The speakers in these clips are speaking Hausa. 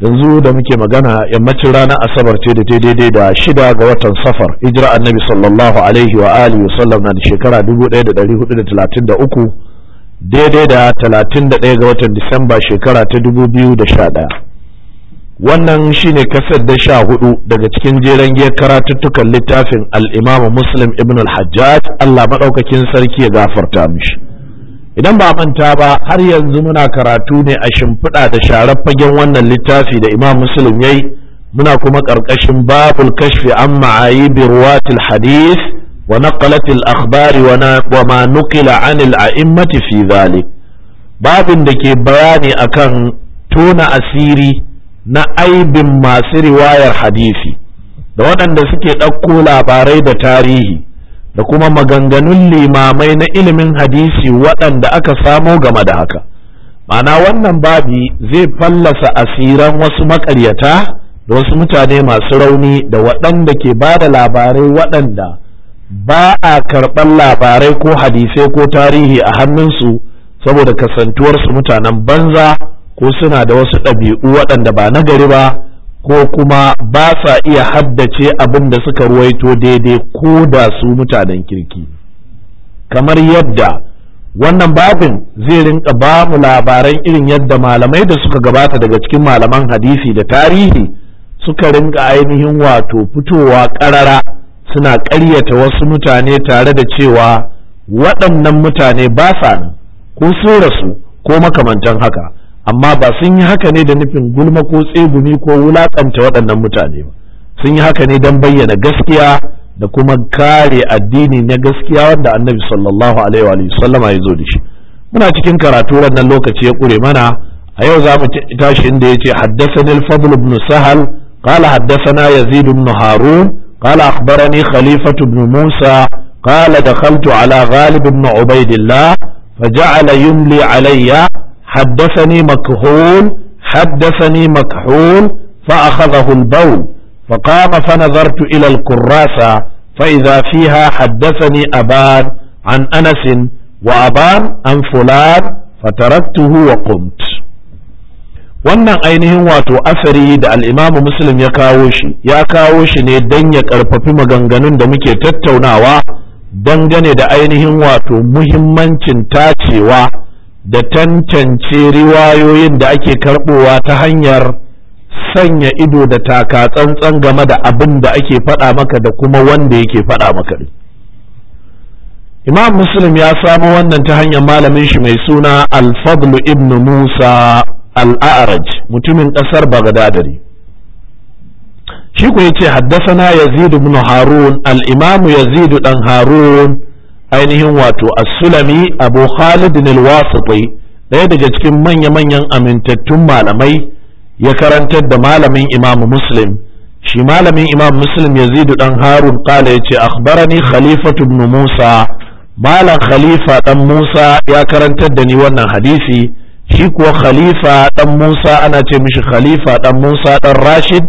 yanzu da muke magana yammacin ranar asabar ce da ta daidai da shida ga watan safar hijira annabi sallallahu alaihi wa alihi wa sallam na shekara 1433 daidai da 31 ga watan disamba shekara ta 2011 wannan shine kasar da sha hudu daga cikin jeren giyar karatuttukan littafin al-imamu muslim ibn al-hajjaj allah maɗaukakin sarki ya gafarta mishi idan ba manta ba har yanzu muna karatu ne a shimfiɗa da sharar fagen wannan littafi da imam muslim yayi muna kuma ƙarƙashin babul kashfi an ma'ayibi ruwatil hadis wa naqalatil akhbari wa ma nuqila anil a'immati fi zalik babin da ke bayani akan tona asiri na aibin masu riwayar hadisi da waɗanda suke ɗauko labarai da tarihi da kuma maganganun limamai na ilimin hadisi waɗanda aka samo game da haka ma'ana wannan babi zai fallasa asiran wasu makaryata da wasu mutane masu rauni da waɗanda ke ba da labarai waɗanda ba a karɓar labarai ko hadisai ko tarihi a hannunsu saboda kasantuwarsu mutanen banza ko suna da wasu ɗabi'u waɗanda ba na gari ba ko kuma ba sa iya haddace abin da suka ruwaito daidai ko da su mutanen kirki kamar yadda wannan babin zai rinka ba mu labaran irin yadda malamai da suka gabata daga cikin malaman hadisi da tarihi suka rinka ainihin wato fitowa ƙarara suna ƙaryata wasu mutane tare da cewa waɗannan mutane ba sa nan ko sun rasu ko makamantan haka amma ba sun yi haka ne da nufin gulma ko tsegumi ko wulakanta waɗannan mutane ba sun yi haka ne don bayyana gaskiya da kuma kare addini na gaskiya wanda annabi sallallahu alaihi wa sallama ya zo da shi muna cikin karatu wannan lokaci ya ƙure mana a yau za mu tashi inda ya ce haddasani al-fadl ibn sahal qala haddasana yazid ibn harun qala akhbarani khalifatu ibn musa qala dakhaltu ala ghalib ibn ubaidillah فجعل يملي علي haddasani makhul haddasani makhul fa akhadahu al-bawl fa qama fa nazartu ila al fa idha fiha haddasani aban an anasin wa aban an fulan fataraktuhu wa qumt wannan ainihin wato asari da al'imamu muslim ya kawo shi ya kawo shi ne don ya karfafi maganganun da muke tattaunawa dangane da ainihin wato muhimmancin tacewa da tantance riwayoyin da ake karɓowa ta hanyar sanya ido da taka tsantsan game da abin da ake faɗa maka da kuma wanda yake faɗa maka imam muslim ya samu wannan ta hanyar malamin shi mai suna alfadlu ibn musa Al-A'raj mutumin ƙasar bagadadari shi ku yace na yazid ibn harun al-imam yazid dan harun ainihin wato as-sulami abu khalid al-wasiti ɗaya daga cikin manya-manyan amintattun malamai ya karantar da malamin imam muslim shi malamin imam muslim yazidu dan harun kala ya akhbarani khalifatu ibn musa malam khalifa dan musa ya karantar da ni wannan hadisi shi kuwa khalifa dan musa ana ce mishi khalifa dan musa dan rashid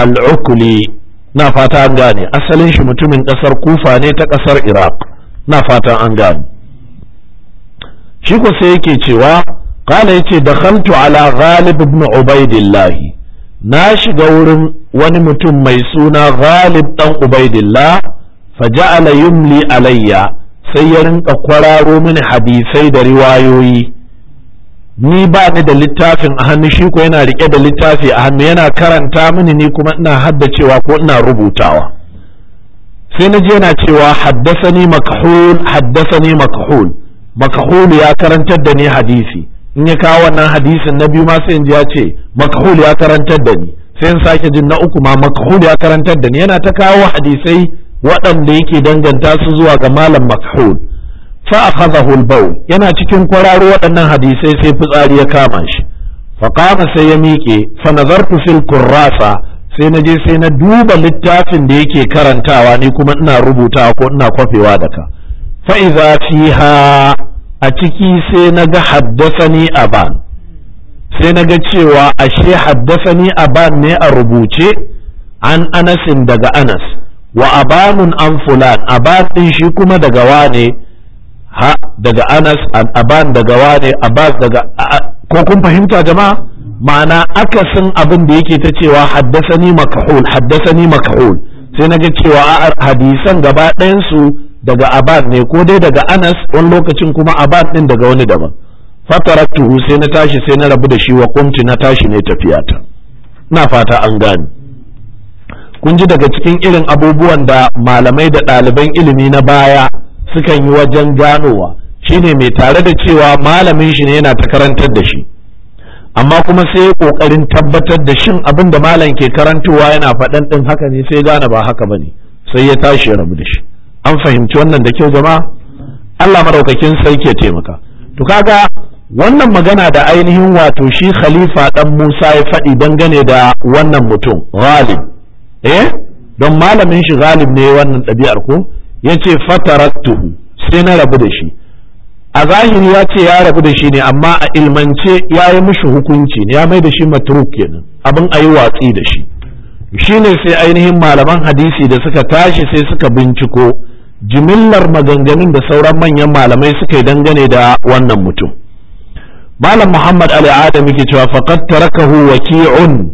al-ukuli na fata gane asalin shi mutumin kasar kufa ne ta kasar iraq na fatan an gano shi ko sai yake cewa kana yace da khamtu ala ghalib ibn ubaidillah na shiga wurin wani mutum mai suna ghalib dan ubaidillah ja'ala yumli alayya sai ya rinka kwararo mini hadisai da riwayoyi ni ba ni da littafin a hannu shi ko yana rike da littafi a hannu yana karanta mini ni kuma ina haddacewa ko ina rubutawa sai na ji yana cewa haddasani makhul haddasani makhul makhul ya karantar da ni hadisi in ya kawo wannan hadisin na biyu ma sai in ji ya ce makhul ya karantar da ni sai in sake jin na uku ma makhul ya karantar da ni yana ta kawo hadisai waɗanda yake danganta su zuwa ga malam makhul fa akhadhahu al yana cikin kwararo waɗannan hadisai sai fitsari ya kama shi fa qama sai ya miƙe fa nazartu fil kurrasa sai na je sai na duba littafin da yake karantawa ni kuma ina rubuta ko ina kwafewa da ka fa'iza fiha a ciki sai na ga haddasani aban sai na ga cewa ashe haddasani aban ne a rubuce an anasin daga anas wa abanun an fulan aban din shi kuma daga wane ha daga anas aban daga wane abas daga ko kun fahimta jama'a ma'ana akasin abin da yake ta cewa haddasani makahul haddasani makahul sai na ga cewa a hadisan gaba ɗayansu daga abad ne ko dai daga anas wani lokacin kuma abad ɗin daga wani daban fataraktuhu sai na tashi sai na rabu da shi wa kumti na tashi ne tafiyata na fata an gane kun ji daga cikin irin abubuwan da malamai da ɗaliban ilimi na baya sukan yi wajen ganowa shine mai tare da cewa malamin shi ne yana ta karantar da shi amma kuma sai ya kokarin tabbatar da shin abin da malam ke karantowa yana faɗan ɗin haka ne sai gane ba haka ba ne sai ya tashi ya rabu da shi an fahimci wannan da kyau jama'a Allah maraukakin sai ke taimaka to kaga wannan magana da ainihin wato shi khalifa dan Musa ya faɗi dangane da wannan mutum ghalib eh don malamin shi ghalib ne wannan ɗabi'ar ko yace fatarattuhu sai na rabu da shi a zahiri ya ce ya rabu da shi ne amma a ilmance ya yi mishi hukunci ya mai da shi matruk kenan abin a yi watsi da shi shine sai ainihin malaman hadisi da suka tashi sai suka binciko jimillar maganganun da sauran manyan malamai suka yi dangane da wannan mutum malam muhammad ali adam yake cewa faqad tarakahu waki'un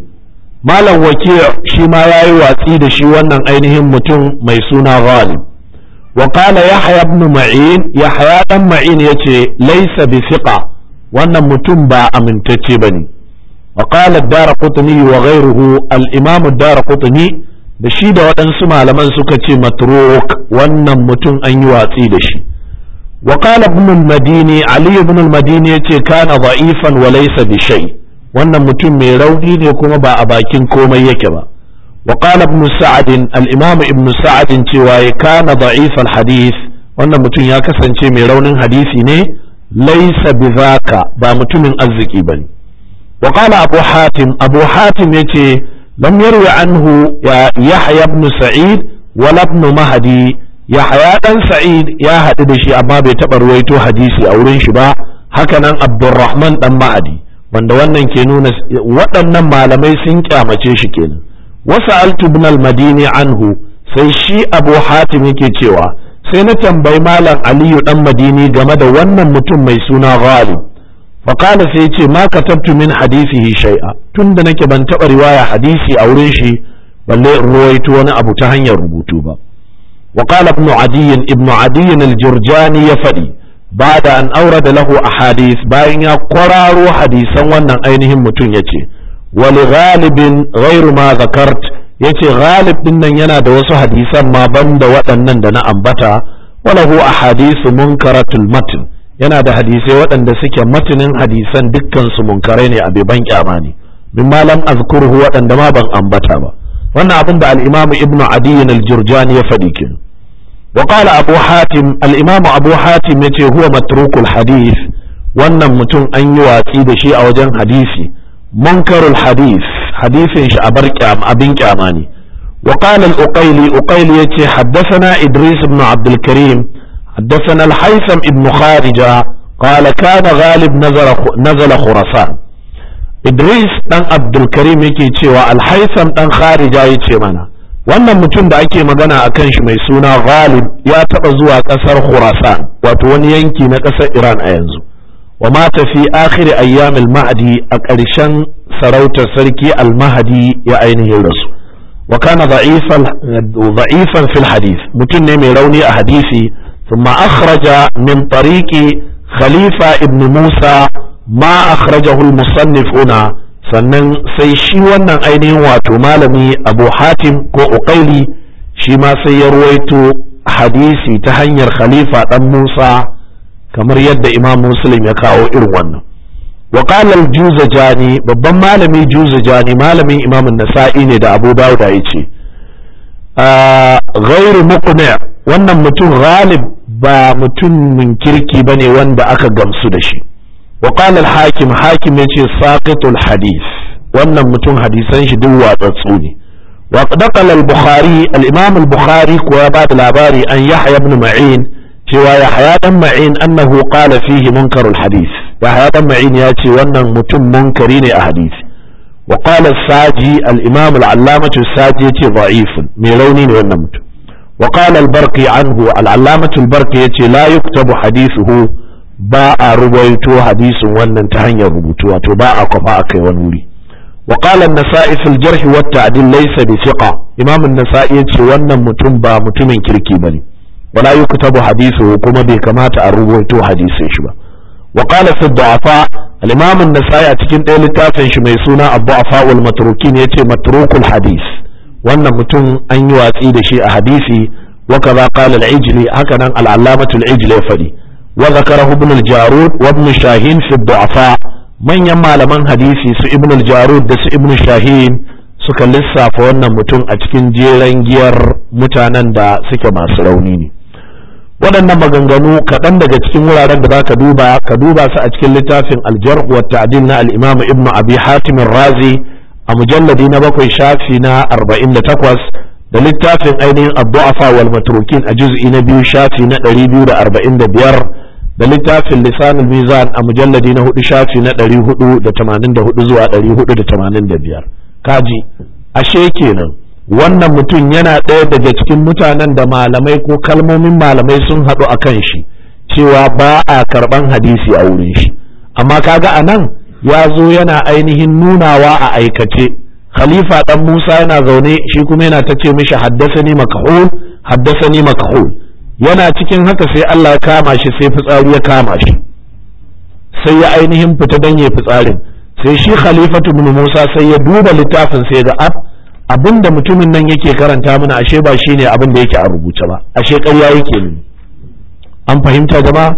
malam waki' shi ma yayi watsi da shi wannan ainihin mutum mai suna ghalib wa qala yahya ibn ma'in yahya ma'in yace laysa bi wannan mutum ba amintacce bane wa qala ad-darqutni wa ghayruhu al-imam ad-darqutni da shi da waɗansu malaman suka ce matruk wannan mutum anyi yi watsi da shi wa qala ibn al-madini ali ibn madini yace kana da'ifan wa laysa bi wannan mutum mai rauni ne kuma ba a bakin komai yake ba وقال ابن سعد الإمام ابن سعد cewa كان ضعيف الحديث wannan mutum ya kasance mai raunin hadisi ne laisa bizaka ba mutumin arziki ba ne. qala abu hatim abu hatim yace lam yarwi anhu ya yahya ibn sa'id wala ibn mahdi yahya dan sa'id ya hadu da shi amma bai taba ruwaito hadisi a wurin shi ba hakanan Abdulrahman dan ma'adi wanda wannan ke nuna waɗannan malamai sun kyamace shi kenan wasu ibn al-madini anhu sai shi abu hatim yake cewa sai na tambayi malam aliyu dan madini game da wannan mutum mai suna ghalib wakalas sai ce ma katabtu min hadisihi shay'a tunda nake ban taɓa riwaya hadisi a wurin shi balle ruwaito wani abu ta hanyar rubutu ba wa qala ibnu adiy ibnu adiy al-jurjani ya faɗi bada an aurada lahu ahadith bayan ya kwararo hadisan wannan ainihin mutum yace wali ghalibin ghairu ma zakart yace ghalib din nan yana da wasu hadisan ma banda waɗannan da na ambata walahu ahadisu munkaratul matn yana da hadisai waɗanda suke matunin hadisan dukkansu munkarai ne a ban kyama ne min malam azkurhu waɗanda ma ban ambata ba wannan abin da al'imamu ibnu adi al ya faɗi kin wa qala abu hatim ya ce abu hatim huwa matrukul wannan mutum an yi watsi da shi a wajen hadisi munkarul hadith hadithin shi abin kyama ne وقال الأقيلي أقيلي يتي حدثنا إدريس بن عبد الكريم حدثنا الحيثم بن خارجة قال كان غالب نزل نزل خراسان إدريس دان عبد الكريم يكي تيوا الحيثم دان خارجة يتي منا wannan mutum da ake magana a kan shi mai suna ghalib ya taɓa zuwa ƙasar khurasan wato wani yanki na ƙasar iran a yanzu wa mata fi akhir ayyamil ma'adi a ƙarshen sarautar sarki al-mahadi ya ainihin rasu wa kana da'ifan fil hadith mutum ne mai rauni a hadisi ثم أخرج من khalifa خليفة musa ma ما أخرجه المصنفون sannan sai shi wannan ainihin wato malami abu hatim ko uqaili shi ma sai ya ruwaito hadisi ta hanyar khalifa dan musa kamar yadda imam muslim ya kawo irin wannan wa qala juzajani babban malami juzajani malamin imam nasa'i ne da abu dawud ya ce ghairu muqni wannan mutum ralib ba mutumin kirki bane wanda aka gamsu da shi wa qala hakim hakim yace saqitul Hadis wannan mutum hadisan shi duk watsatsu ne wa naqala al-bukhari al bukhari kuwa ba da labari an yahya ibn ma'in cewa ya haya dan ma'in annahu qala fihi munkarul hadith ya haya dan ma'in ya ce wannan mutum munkari ne a hadisi wa qala saji al-imam al-allamah saji yace da'if mai rauni ne wannan mutum wa qala al-barqi anhu al-allamah al-barqi yace la yuktabu hadithuhu ba a rubaito hadisin wannan ta hanyar rubutu wato ba a kwafa akai wani wuri وقال النسائي في الجرح والتعديل ليس بثقة إمام النسائي يقول wannan mutum ba mutumin kirki bane wala yuktabu hadithu kuma bai kamata a rubuto hadisin shi ba wa qala fi du'afa al-imam an-nasai a cikin ɗaya littafin shi mai suna abu duafa wal matrukin yace matrukul hadith wannan mutum an yi watsi da shi a hadisi wa kaza qala al-ijli haka nan al-allamatu al-ijli ya fadi wa zakarahu ibn al-jarud wa ibn shahin fi du'afa manyan malaman hadisi su ibn al-jarud da su ibn shahin suka lissafa wannan mutum a cikin jeran giyar mutanen da suke masu rauni ne waɗannan maganganu kaɗan daga cikin wuraren da za ka duba ka duba su a cikin littafin aljar wa ta'dil na al-imam ibn abi hatim razi a mujalladi na bakwai shafi na 48 da littafin ainihin abdu'afa wal matrukin a juz'i na biyu shafi na 245 da littafin lisan al-mizan a mujalladi na hudu shafi na 484 zuwa 485 kaji ashe kenan wannan mutum yana ɗaya daga cikin mutanen da malamai ko kalmomin malamai sun haɗu a kan shi cewa ba a karɓan hadisi a wurin shi amma kaga a nan ya zo yana ainihin nunawa a aikace khalifa ɗan musa yana zaune shi kuma yana ta ce mishi haddasani makahul haddasani makahul yana cikin haka sai allah ya kama shi sai fitsari ya kama shi sai ya ainihin fita don ya fitsarin sai shi khalifatu musa sai ya duba littafin sai ga ab abin da mutumin nan yake karanta mana ashe ba shine abin da yake a rubuce ba ashe ƙarya yake ne an fahimta jama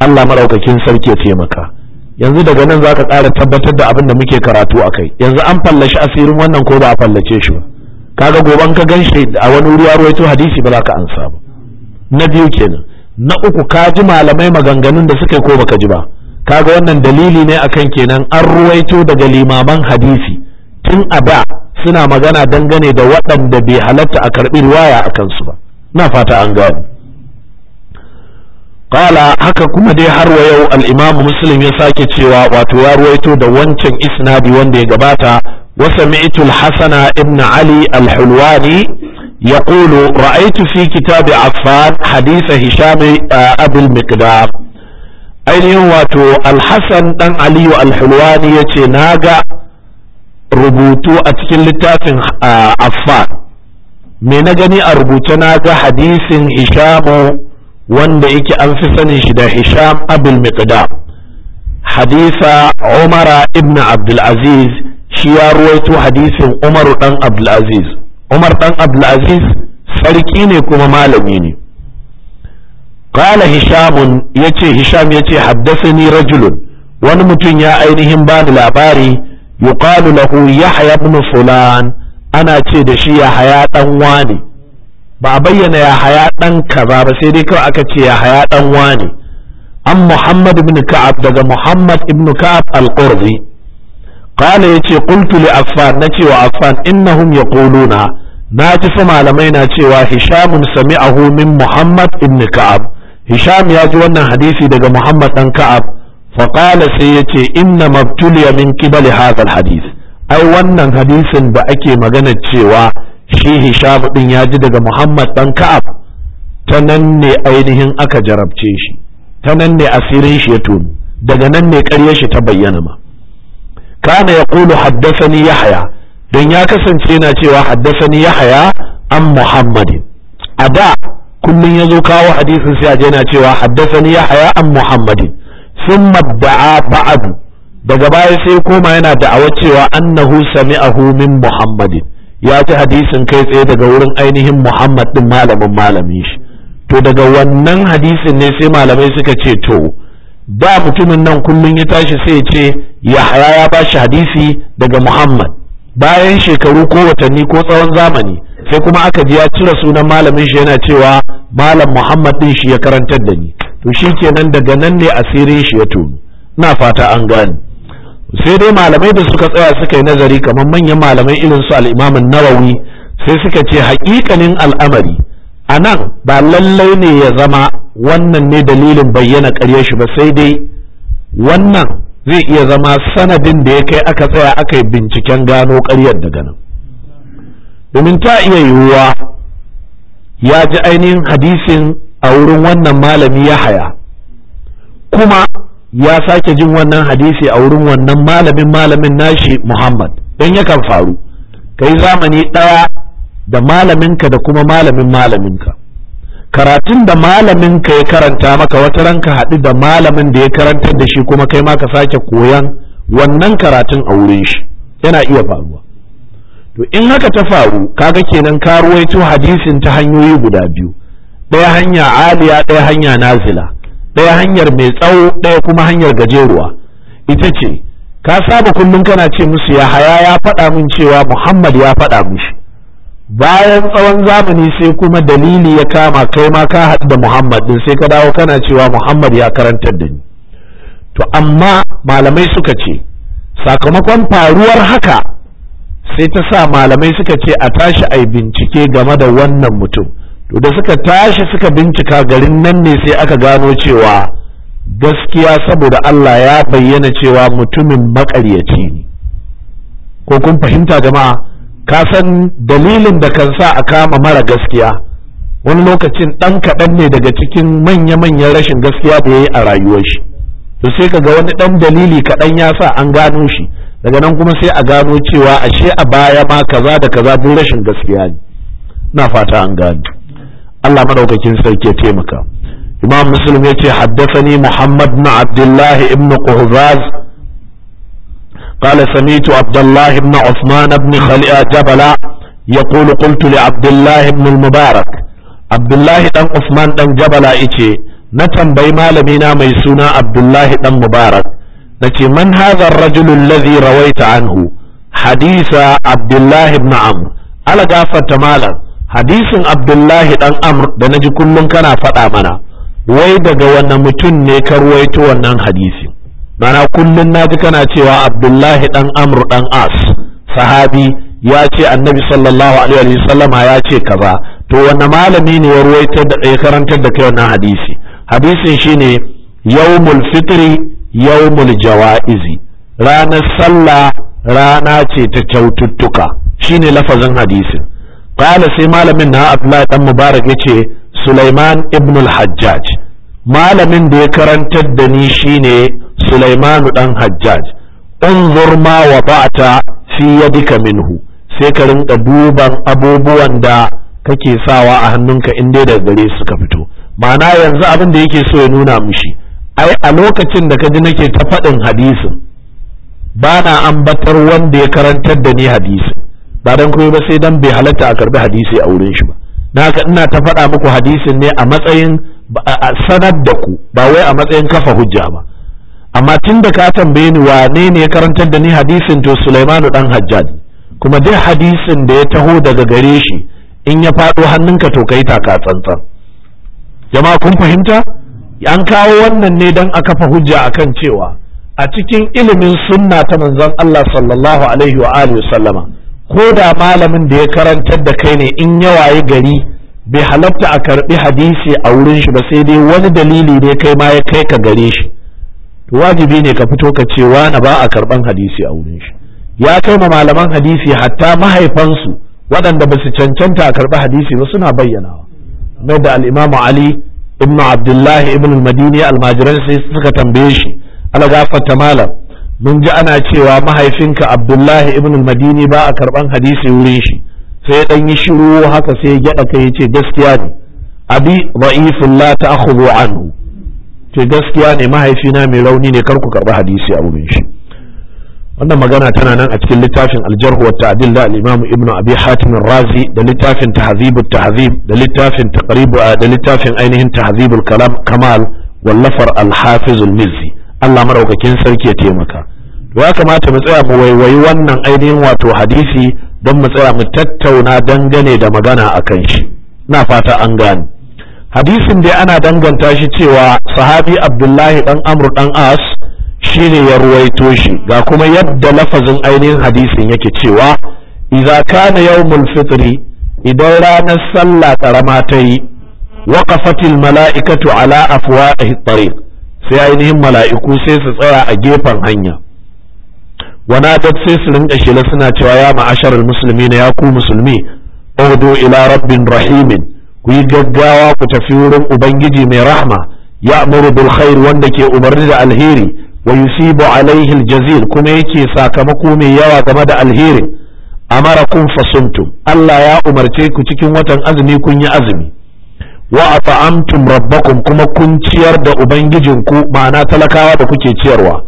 Allah maraukakin sarki ya taimaka yanzu daga nan zaka ƙara tabbatar da abin da muke karatu a kai yanzu an fallashi asirin wannan ko ba a fallace shi ba kaga goban ka ganshi a wani wuri ya hadisi ba za ka ansa ba na biyu kenan na uku ka ji malamai maganganun da suka ko baka ji ba kaga wannan dalili ne akan kenan an ruwaito daga limaman hadisi tun a da suna magana dangane da waɗanda bai halatta a karɓi riwaya a kansu ba na fata an gani qala haka kuma dai har wa yau al musulun muslim ya sake cewa wato ya ruwaito da wancan isnadi wanda ya gabata wasa sami'tu hasana ibn ali alhulwani hulwani kulu ra'aitu fi kitab affan hadisa hisham eh, a miqdar ainihin wato al-hasan dan aliyu al-hulwani na ga. rubutu a cikin littafin affan me na gani a rubuce na ga hadisin hishamu wanda yake an fi sanin shi da hisham abul hadisa umara ibn abdulaziz shi ya ruwaito hadisin umar dan abdulaziz umar dan abdulaziz sarki ne kuma malami ne قال هشام يتي هشام يتي حدثني رجل wani mutum ya ainihin bani labari yuqalu lahu yahya ibn fulan ana ce da shi yahaya dan wani ba a bayyana yahaya dan kaza ba sai dai kawai aka ce yahaya dan wani an muhammad ibnu ka'ab daga muhammad ibnu ka'ab al-qurdi qala yace qultu li na ce wa affan innahum yaquluna na ji fa malamai na cewa hishamun sami'ahu min muhammad ibnu ka'ab hisham ya ji wannan hadisi daga muhammad dan ka'ab faƙala sai yace ce inna mabtuliya min kibali hadal hadisi. ai wannan hadisin da ake magana cewa shi hisham ɗin ya ji daga muhammad ɗan ka'ab ta nan ne ainihin aka jarabce shi ta nan ne asirin shi ya tonu daga nan ne ƙaryar shi ta bayyana ma kana ya ƙulu haddasani yahaya Dan ya kasance yana cewa haddasa haddasani yahaya an muhammadin a da kullum ya zo kawo hadisin sai a je yana cewa haddasa haddasani yahaya an muhammadin sun madda'a ba'adu daga baya sai koma yana da'awa cewa annahu sami'ahu min muhammadin ya ci hadisin kai tsaye daga wurin ainihin muhammad din malamin malamin shi to daga wannan hadisin ne sai malamai suka ce to da mutumin nan kullum ya tashi sai ya ce yahaya ya ba shi hadisi daga muhammad bayan shekaru ko watanni ko tsawon zamani sai kuma aka ji ya cire sunan malamin shi yana cewa malam muhammad din shi ya karantar da ni to shi kenan daga nan ne asirin shi ya tubi na fata an gane sai dai malamai da suka tsaya suka yi nazari kamar manyan malamai irin su al'imamin nawawi sai suka ce haƙiƙanin al'amari a nan ba lallai ne ya zama wannan ne dalilin bayyana ƙaryar shi ba sai dai wannan zai iya zama sanadin da ya kai aka tsaya aka yi binciken gano ƙaryar daga nan domin ta iya yiwuwa ya ji ainihin hadisin a wurin wannan malami ya haya kuma ya sake jin wannan hadisi a wurin wannan malamin malamin nashi muhammad don yakan faru ka yi zamani ɗaya da malaminka da kuma malamin malaminka karatun da malaminka ya karanta maka wata ranka haɗu da malamin da ya karanta da shi kuma kai ma ka sake koyan wannan karatun a wurin shi yana iya faruwa to in haka ta faru kaga kenan karuwaito hadisin ta hanyoyi guda biyu ɗaya hanya aliya ɗaya hanya nazila ɗaya hanyar mai tsawo ɗaya kuma hanyar gajeruwa ita ce ka saba kullum kana ce musu ya haya ya faɗa min cewa muhammad ya faɗa mishi bayan tsawon zamani sai kuma dalili ya kama kai ma ka haɗu da muhammad ɗin sai ka dawo kana cewa muhammad ya karantar da ni to amma malamai suka ce sakamakon faruwar haka sai ta sa malamai suka ce a tashi a bincike game da wannan mutum to da suka tashi suka bincika garin nan ne sai aka gano cewa gaskiya saboda Allah ya bayyana cewa mutumin makaryaci ne ko kun fahimta jama'a ka san dalilin da kan sa a kama mara gaskiya wani lokacin ɗan kaɗan ne daga cikin manya-manyan rashin gaskiya da ya yi a rayuwar shi to sai ka ga wani ɗan dalili kaɗan ya sa an gano shi daga nan kuma sai a gano cewa ashe a baya ma kaza da kaza duk rashin gaskiya ne na fata an gano Allah madaukakin sarki ya taimaka imam muslim yace haddathani muhammad ibn abdullah ibn quhbaz قال سميت عبد الله بن عثمان بن خليل جبلا يقول قلت لعبد الله بن المبارك عبد الله بن عثمان بن جبلا إيشي نتم بيمالمنا ميسونا عبد الله بن مبارك نتي من هذا الرجل الذي رويت عنه حديث عبد الله بن عمرو على جافة مالا hadisin abdullahi dan amr da na ji kullum kana faɗa mana wai daga wani mutum ne ka ruwaito wannan hadisi mana kullum naji kana cewa abdullahi dan amr dan as sahabi ya ce annabi sallallahu alaihi wasallama ya ce kaza to wani malami ne ya ruwaito da ya karantar da kai wannan hadisi hadisin shine yawmul fitri yawmul jawaizi ranar sallah rana ce ta kyaututtuka shine lafazin hadisin qala sai malamin na Abdullahi dan Mubarak yace Sulaiman ibn al-Hajjaj malamin da ya karantar da ni shine Sulaiman dan Hajjaj unzur ma bata fi yadika minhu sai ka rinka duban abubuwan da kake sawa a hannunka in dai da gare suka fito ma'ana yanzu abin da yake so ya nuna mishi ai a lokacin da ka ji nake ta faɗin hadisin bana an ambatar wanda ya karantar da ni hadisin ba dan koyi ba sai dan bai halatta a karbi hadisi a wurin shi ba na haka ina ta faɗa muku hadisin ne a matsayin a sanar da ku ba wai a matsayin kafa hujja ba amma tun da ka tambaye ni wane ne ya karantar da ni hadisin to Sulaimanu dan Hajjaj kuma duk hadisin da ya taho daga gare shi in ya faɗo hannunka to kai ka tsantsan jama'a kun fahimta an kawo wannan ne dan a kafa hujja akan cewa a cikin ilimin sunna ta manzon Allah sallallahu alaihi wa alihi sallama ko da malamin da ya karantar da kai ne in ya gari bai halatta a karbi hadisi a wurin shi ba sai dai wani dalili ne kai ma ya kai ka gare shi wajibi ne ka fito ka ce wani ba a karban hadisi a wurin shi ya kai ma malaman hadisi hatta mahaifansu waɗanda ba su cancanta a karɓi hadisi ba suna bayyanawa mai da al'imamu ali ibn abdullahi ibn al-madini almajiran sai suka tambaye shi alagafata malam mun ji ana cewa mahaifinka abdullahi ibn madini ba a karban hadisi wurin shi sai ya dan yi shiru haka sai ya gyada kai yace gaskiya ne abi ra'ifin la ta'khudhu anhu ce gaskiya ne mahaifina mai rauni ne kar ku karba hadisi a wurin shi wannan magana tana nan a cikin littafin aljarh wa ta'dil da al-imam ibn abi hatim razi da littafin tahzib tahzib da littafin taqrib da littafin ainihin tahzib kalam kamal wallafar al-hafiz al-mizzi Allah maraukakin sarki ya taimaka ya kamata mu tsaya mu waiwayi wannan ainihin wato hadisi don mu tsaya mu tattauna dangane da magana a kan shi na fata an gane hadisin dai ana danganta shi cewa sahabi abdullahi dan Amru dan as shi ne ya ruwaito shi ga kuma yadda lafazin ainihin hadisin yake cewa iza kana yau fitri idan ranar sallah karama ta yi waqafatil mala'ikatu ala a tariq sai ainihin mala'iku sai su tsaya a gefen hanya wana ta sai su rinka shila suna cewa ya ma'asharar musulmi na ya ku musulmi urdu ila rabbin rahimin ku yi gaggawa ku tafi wurin ubangiji mai rahma ya amuru bil khair wanda ke umarni da alheri wa yusibu alaihi aljazil kuma yake sakamako mai yawa game da alherin amarakum fasumtum Allah ya umarce ku cikin watan azumi kun yi azumi wa ata'amtum rabbakum kuma kun ciyar da ubangijinku ma'ana talakawa da kuke ciyarwa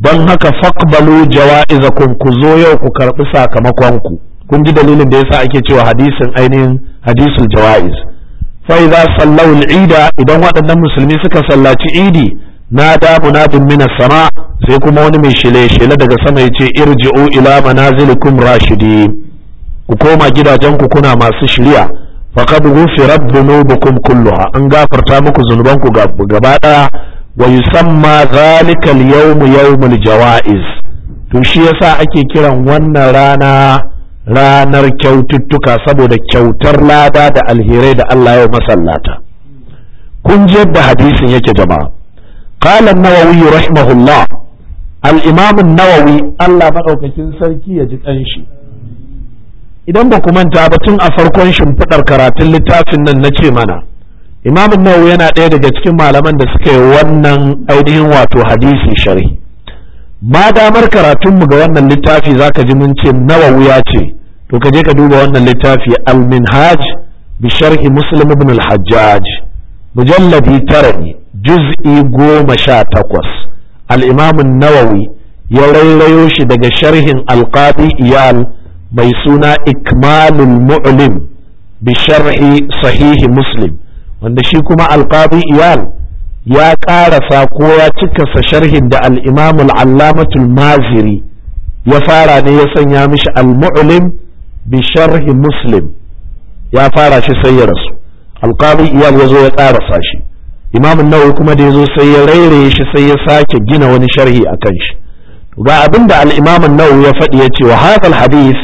don haka faqbalu jawa'izakum ku zo yau ku karbi sakamakon ku kun ji dalilin da yasa ake cewa hadisin ainihin hadisul jawa'iz fa idza sallaw al-ida idan waɗannan musulmi suka sallaci idi na da munadin minas sama sai kuma wani mai shile-shile daga sama yace irji'u ila manazilikum rashidi ku koma gidajenku kuna masu shirya faqad ghufira dhunubukum kulluha an gafarta muku zunubanku gaba daya wa yusamma zalika al-yawm yawmul jawaiz to shi yasa ake kiran wannan rana ranar kyaututtuka saboda kyautar lada da alherai da Allah ya masallata kun ji yadda hadisin yake jama'a qala an-nawawi rahimahullah al-imam an-nawawi Allah madaukakin sarki ya ji kanshi idan ba ku manta ba tun a farkon shimfidar karatun littafin nan na ce mana imam nawawi yana ɗaya daga cikin malaman da suka yi wannan ainihin wato hadisi shari ma damar karatunmu ga wannan littafi ka ji mun ce nawawi ya ce to ka je ka duba wannan littafi al-minhaj bi sharhi muslim ibn al-hajjaj mujalladi tara juz'i goma sha takwas al-imam nawawi ya rairayo shi daga sharhin alqadi iyal mai suna ikmalul mu'lim bi sharhi sahihi muslim wanda shi kuma alqadi iyal ya ƙarasa ko ya cikasa sharhin da al-imam allamatul maziri ya fara ne ya sanya mishi al-mu'lim bi sharhi muslim ya fara shi sai ya rasu alqadi iyal ya zo ya ƙarasa shi imam nawawi kuma da ya zo sai ya rairaye shi sai ya sake gina wani sharhi a kan shi ga abin da al-imam nawawi ya faɗi ya ce wa hadal hadith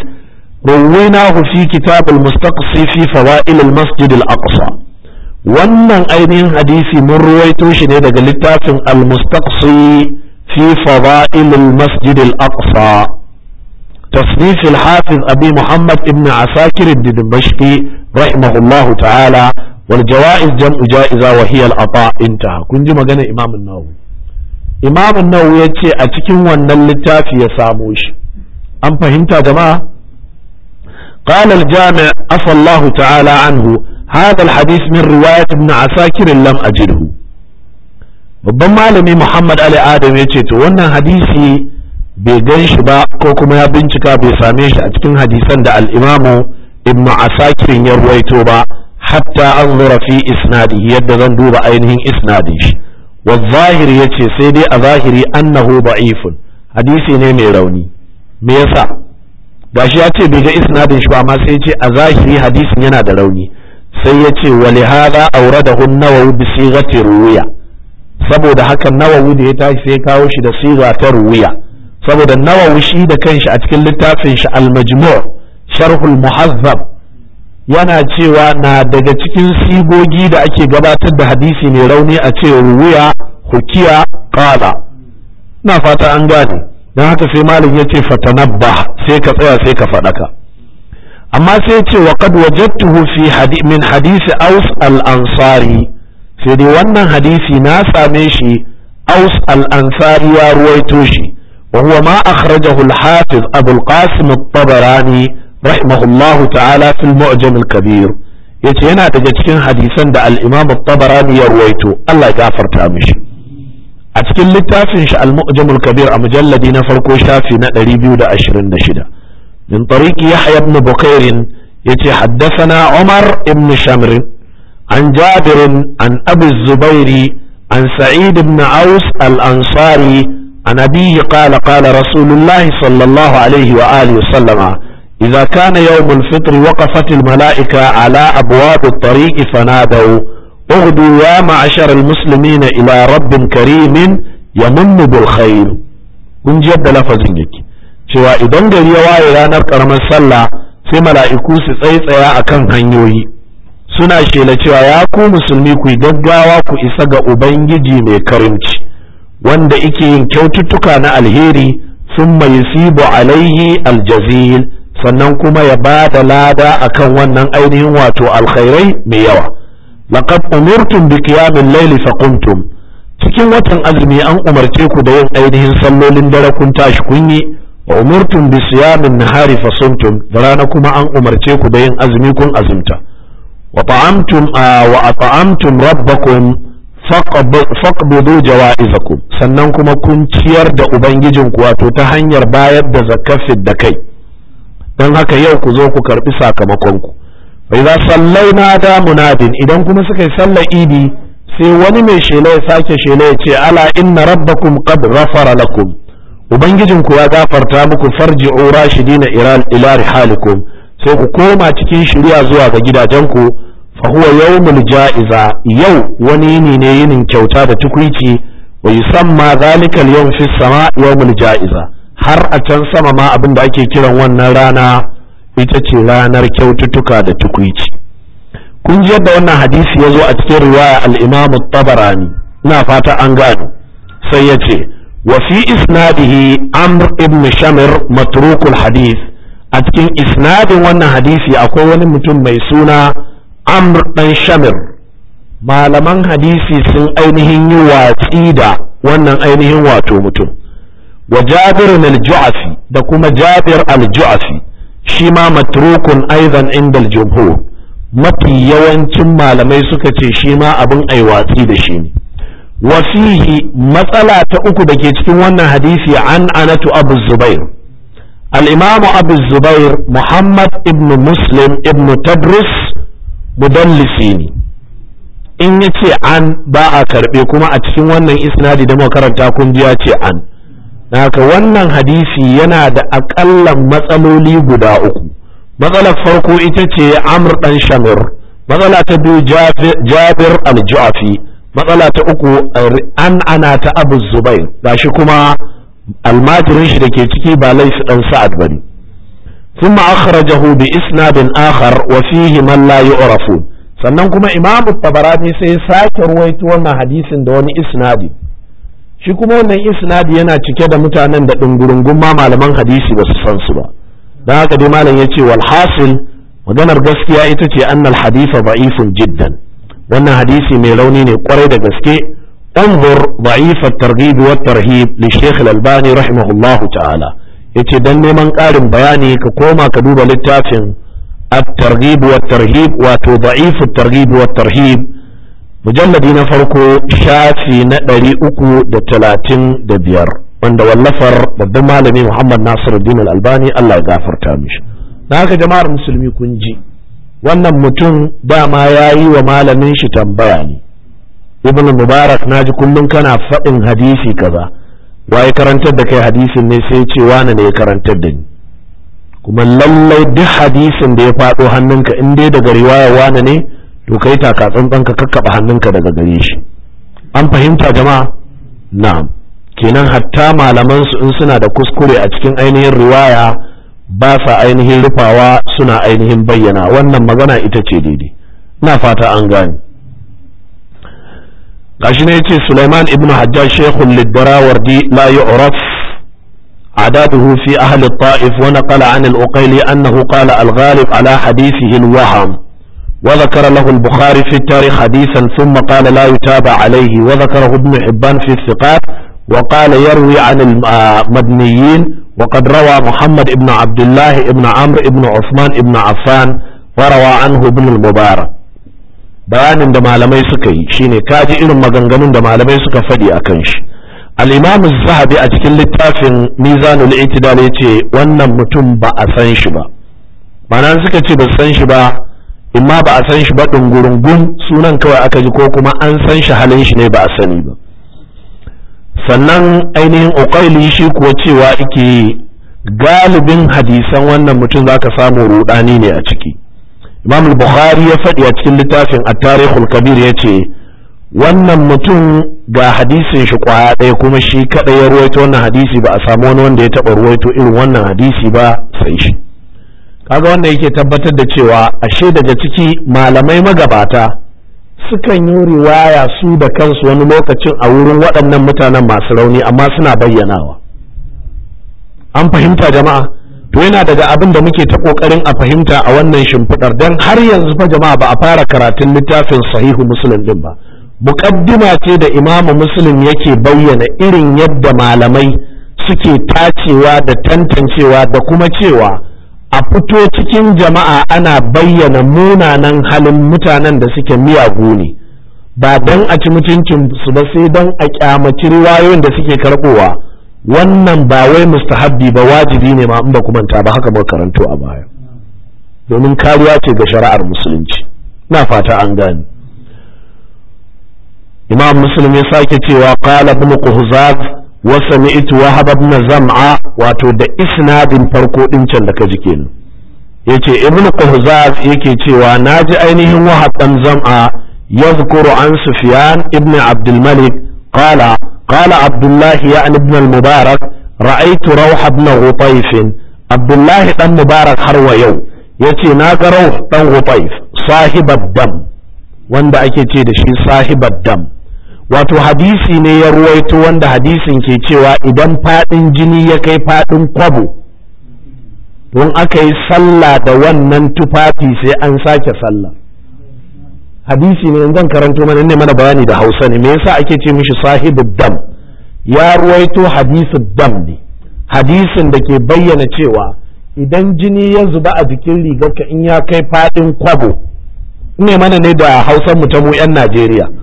رويناه في fi المستقصي في فوائل المسجد الأقصى wannan ainihin hadisi mun ruwaito shi ne daga littafin al-mustaqsi fi fada'il al-masjid al-aqsa تصنيف الحافظ أبي محمد ابن عساكر الدمشقي رحمه الله تعالى والجوائز جمع جائزة وهي العطاء انتهى كنت مجانا إمام النووي إمام النووي يتي أتكن ونن للتافي يساموش أم فهمت يا جماعة قال الجامع عفى الله تعالى عنه hadal hadith min riwayat ibn asakir lam ajidhu babban malami muhammad ali adam ya ce to wannan hadisi bai gan shi ba ko kuma ya bincika bai same shi a cikin hadisan da al'imamu ibn asakirin ya ruwaito ba hatta an zura fi isnadi yadda zan duba ainihin isnadi shi wa zahiri ya ce sai dai a zahiri annahu da'ifun hadisi ne mai rauni me yasa gashi ya ce bai ga isnadin shi ba amma sai ya ce a zahiri hadisin yana da rauni sai ya ce wa da auradahu an-nawawi bi sighati ruwiya saboda haka nawa da ya tashi sai kawo shi da siga ta ruwiya saboda nawa shi da kanshi a cikin littafin shi al sharhul muhazzab yana cewa na daga cikin sigogi da ake gabatar da hadisi mai rauni a ce ruwiya hukiya kala. na fata an gane don haka sai malam ya ce fatanabba sai ka tsaya sai ka faɗaka amma sai ce wa wajen wajadtuhu fi min hadisi aus al-ansari sai dai wannan hadisi na same shi aus al-ansari ya ruwaito shi wa huwa ma akhrajahu al-hafiz abul qasim at-tabarani rahimahullahu ta'ala fil mu'jam al-kabir yace yana daga cikin hadisan da al-imam at-tabarani ya ruwaito Allah ya gafarta mishi a cikin littafin shi al-mu'jam al-kabir a mujalladi na farko shafi na 226 min tariki yahya ibn bukairin yace haddathana umar ibn shamr an jabir an abi zubairi an sa'id ibn aus al-ansari an abihi qala qala rasulullahi sallallahu alaihi wa alihi wa sallama إذا كان يوم الفطر وقفت الملائكة على أبواب الطريق فنادوا اغدوا يا معشر المسلمين إلى رب كريم يمن بالخير من جد لفظ cewa idan gari ya waye ranar karamar sallah sai mala'iku su tsaitsaya a kan hanyoyi suna shela cewa ya ku musulmi ku yi gaggawa ku isa ga ubangiji mai karimci wanda ike yin kyaututtuka na alheri sun mai sibo alaihi aljazil sannan kuma ya ba da lada a kan wannan ainihin wato alkhairai mai yawa laqad umirtum bi qiyamil layli cikin watan azumi an umarce ku da yin ainihin sallolin dare kun tashi kun yi wa umurtum bi siyamin nahari fasumtum da rana kuma an umarce ku da yin azumi kun azumta wa ta'amtum wa ata'amtum rabbakum faqbudu jawaizakum sannan kuma kun ciyar da ubangijin ku wato ta hanyar bayar da zakafin da kai dan haka yau ku zo ku karbi sakamakon ku fa idza sallayna da munadin idan kuma suka yi sallar idi sai wani mai shela ya sake shela ya ce ala inna rabbakum qad ghafara lakum ubangijin ku ya gafarta muku farji'u rashidina iran ila rihalikum sai ku koma cikin shirya zuwa ga gidajenku fa huwa yawmul ja'iza yau wani yini ne yinin kyauta da tukuici wa yusamma zalikal yawm fi sama yawmul ja'iza har a can sama ma abin da ake kiran wannan rana ita ce ranar kyaututtuka da tukuici kun ji yadda wannan hadisi ya zo a cikin riwaya al-imam tabarani ina fata an gano sai ya ce وفي إسناده عمرو بن شمر متروك الحديث أتكين إسناد وانا حديثي أقول متن ميسونا عمرو بن شمر ما لمن حديثي سن أينهن واتيدا وانا أينهن واتو متن وجابر الجعفي دكما جابر الجعفي شما متروك أيضا عند الجمهور mafi yawancin malamai suka ce shi ma abin aiwatsi da shi ne wasihi matsala ta uku da ke cikin wannan hadisi an anatu abu zubair al'imamu abu zubair muhammad ibn muslim ibn tadris mudallisi ne in ya ce an ba a karɓe kuma a cikin wannan isnadi da makaranta kun ji ce an naka wannan hadisi yana da aƙallan matsaloli guda uku matsalar farko ita ce amr ɗan shamir matsala ta biyu jabir alju'afi. matsala ta uku an ana ta abu da gashi kuma almajirin shi da ke ciki ba laifi dan sa'ad bane ثم أخرجه بإسناد آخر وفيه من لا يعرفون sannan kuma imam tabarani sai sake ruwaito wannan hadisin da wani isnadi shi kuma wannan isnadi yana cike da mutanen da dungurungun ma malaman hadisi ba su san su ba dan haka dai malam yace wal hasil maganar gaskiya ita ce annal haditha da'ifun jiddan wannan hadisi mai rauni ne kwarai da gaske انظر ضعيف الترغيب والترهيب للشيخ الألباني رحمه الله تعالى yace dan neman ƙarin bayani ka koma ka duba littafin at-targhib wa tarhib wato da'if at-targhib wa tarhib mujalladi na farko shafi na 335 wanda wallafar babban malami Muhammad Nasiruddin al Allah ya gafarta haka jama'ar musulmi kun ji wannan mutum dama ya yi wa malamin shi tambaya ne ibn mubarak na ji kullum kana faɗin hadisi kaza waye karantar da kai hadisin ne sai ce wani ne ya karantar da ni kuma lallai duk hadisin da ya faɗo hannunka in dai daga riwaya wani ne to kai taka tsantsan ka kakkaɓa hannunka daga gare shi an fahimta jama'a na'am kenan hatta malaman su in suna da kuskure a cikin ainihin riwaya ba sa ainihin rufawa suna ainihin bayyana wannan magana ita ce daidai na fata an gani gashi ne ce suleiman ibn hajjar shekul liddara wardi la yu'raf adabuhu fi ahli ta'if wa naqala an al-uqayli annahu qala al-ghalib ala hadithihi al-waham wa dhakara lahu al-bukhari fi tarikh hadithan thumma qala la yutaba alayhi wa dhakara ibn hibban fi thiqat وقال يروي عن وقد روى محمد abdullahi عبد الله ابن عمرو ibnu عثمان ابن عفان وروى عنه ابن المبارك bayanin da malamai suka yi shine kaji irin maganganun da malamai suka faɗi a kan shi al zahabi a cikin littafin mizanul itidal yace wannan mutum ba a san shi ba mana suka ce ba san shi ba imma ba a san shi ba dungurungun sunan kawai aka ji ko kuma an san shi halin shi ne ba a sani ba sannan ainihin ukaili shi kuwa cewa ake galibin hadisan wannan mutum za ka samu rudani ne a ciki imam bukhari ya faɗi a cikin littafin attarihul kabir ya ce wannan mutum ga hadisin shi kwaya ɗaya kuma shi kaɗai ya ruwaito wannan hadisi ba a samu wani wanda ya taɓa ruwaito irin wannan hadisi ba sai shi kaga wanda yake tabbatar da cewa ashe daga ciki malamai magabata sukan yi riwaya su da kansu wani lokacin a wurin waɗannan mutanen masu rauni amma suna bayyanawa an fahimta jama'a to yana daga abin da muke ta ƙoƙarin a fahimta a wannan shimfiɗar don har yanzu fa jama'a ba a fara karatun littafin sahihu muslim din ba muƙaddima ce da imamu muslim yake bayyana irin yadda malamai suke tacewa da tantancewa da kuma cewa a fito cikin jama'a ana bayyana munanan halin mutanen da suke miyagu ne ba don a ci mutuncin su ba sai don a kyamaci riwayoyin da suke karbowa wannan ba wai mustahabbi ba wajibi ne ma in ba kumanta ba haka muka karanto a baya domin kariya ce ga shari'ar musulunci na fata an gane imam muslim ya sake cewa qala ibn quhzaf wa sami'tu wahab zam'a wato da isnadin farko din can ka jikin kenan yace ibn quhzaz yake cewa ji ainihin wahab dan zam'a yadhkuru an sufyan ibn abdulmalik kala kala abdullahi qala abdullah ya'ni ibn al-mubarak Ra'aitu rawh ibn Hutaifin Abdullahi dan mubarak har wa yau yace na ga rawh ɗan Hutaif sahibad dam wanda ake ce da shi sahibar dam wato hadisi ne ya ruwaito wanda hadisin ke cewa idan faɗin jini ya kai faɗin kwabo don aka yi sallah da wannan tufafi sai an sake sallah hadisi ne zan karanto mana ne mana bayani da hausa ne me yasa ake ce mishi sahibu dam ya ruwaito hadisu dam ne hadisin da ke bayyana cewa idan jini ya zuba a jikin rigarka in ya kai faɗin kwabo ne mana ne da hausan mu ta mu 'yan najeriya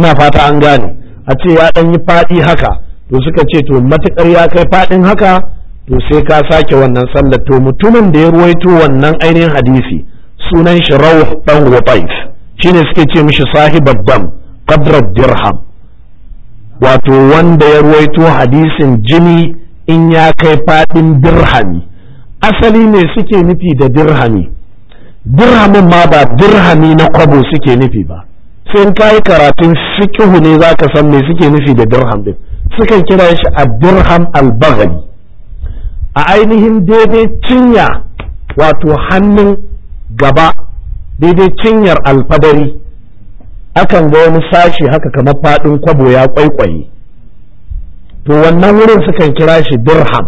ina fata an gane a ce ya ɗan yi faɗi haka to suka ce to matuƙar ya kai faɗin haka to sai ka sake wannan sallar to mutumin da ya ruwaito wannan ainihin hadisi sunan shi rawh dan wutaif shine suke ce mishi sahibar dam qadra dirham wato wanda ya ruwaito hadisin jini in ya kai faɗin dirhami asali ne suke nufi da dirhami dirhamin ma ba dirhami na kwabo suke nufi ba sai ka yi karatun fiqhu ne zaka san me suke nufi da dirham din sukan kira shi ad-dirham al a ainihin daidai cinya wato hannun gaba daidai cinyar alfadari akan ga wani sashi haka kamar fadin kwabo ya kwaikwaye to wannan wurin sukan kira shi dirham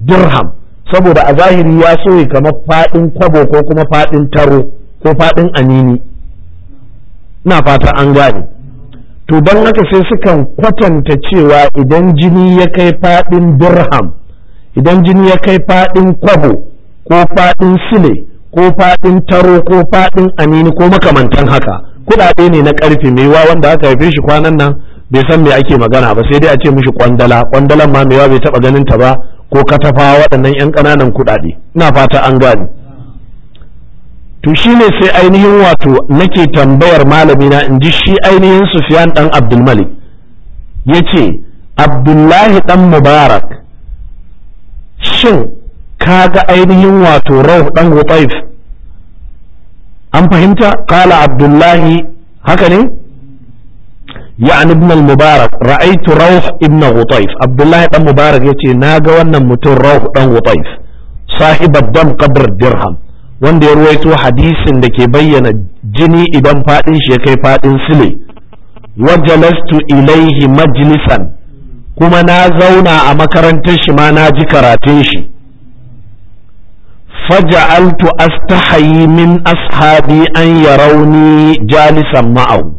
dirham saboda a zahiri ya soye kamar fadin kwabo ko kuma fadin taro ko fadin anini ina fata an gane to don haka sai sukan kwatanta cewa idan jini ya kai faɗin dirham idan jini ya kai faɗin kwabo ko faɗin sile ko faɗin taro ko faɗin amini ko makamantan haka kuɗaɗe ne na ƙarfe wa wanda aka haife shi kwanan nan bai san me ake magana ba sai dai a ce mishi kwandala kwandalan ma mai yawa bai taba ganin ta ba ko katafawa waɗannan 'yan ƙananan kuɗaɗe ina fata an gane to ne sai ainihin wato nake tambayar malamina in ji shi ainihin Sufyan dan Abdulmalik. Ya ce Abdullahi dan Mubarak shin ka ga ainihin wato Rauh dan Hutayf an fahimta kala Abdullahi haka ne يعني ابن المبارك رأيت روح ابن غطيف عبد الله بن مبارك يتي ga wannan mutum روح ɗan غطيف صاحب الدم قبر الدرهم wanda ya ruwaito hadisin da ke bayyana jini idan faɗin shi ya kai faɗin sile wajalastu ilaihi majlisan kuma na zauna a makarantar shi ma na ji karatun shi faja'altu astahayi min ashabi an yarauni jalisan ma'au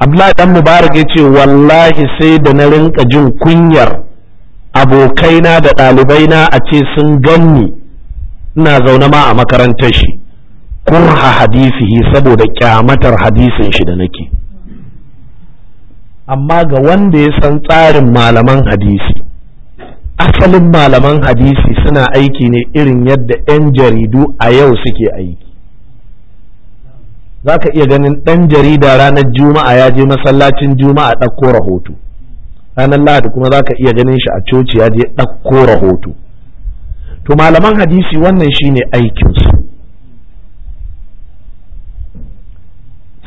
abdullahi dan mubarak ya ce wallahi sai da na rinka jin kunyar abokaina da ɗalibaina a ce sun ganni ina zaune ma a makarantar shi kurha hadisihi saboda kyamatar hadisin shi da nake amma ga wanda ya san tsarin malaman hadisi asalin malaman hadisi suna aiki ne irin yadda 'yan jaridu a yau suke aiki za ka iya ganin ɗan jarida ranar juma'a ya je masallacin juma'a ɗakko rahoto ranar lahadi kuma za ka iya ganin shi a coci ya je ɗakko rahoto to malaman hadisi wannan shine aikinsu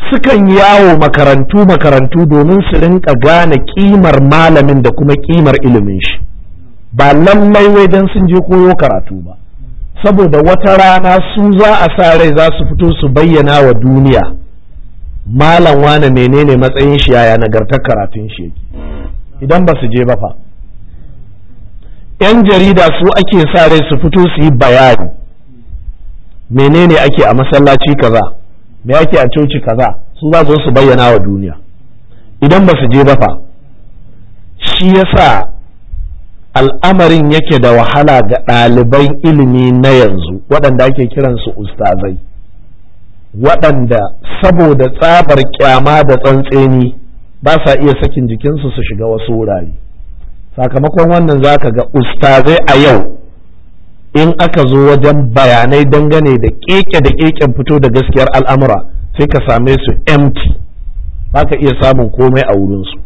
sukan yawo makarantu makarantu domin su rinka gane kimar malamin da kuma kimar ilimin shi ba lallai wai don sun je koyo karatu ba saboda wata rana su za a sa rai za su fito su bayyana wa duniya malam wane menene matsayin shi yaya nagartar karatun shi idan ba su je ba fa 'yan jarida su ake sa rai su fito su yi bayani menene ake a masallaci kaza me ake a coci kaza su za su bayyana wa duniya idan ba su je ba fa shi yasa al'amarin yake da wahala ga ɗaliban ilimi na yanzu waɗanda ake kiransu ustazai waɗanda saboda tsabar kyama da tsantseni ba sa iya sakin jikinsu su shiga wasu wurare sakamakon wannan za ka ga ustazai a yau in aka zo wajen bayanai dangane da keke da keken fito da gaskiyar al'amura sai ka same su empty ba ka iya samun komai a wurinsu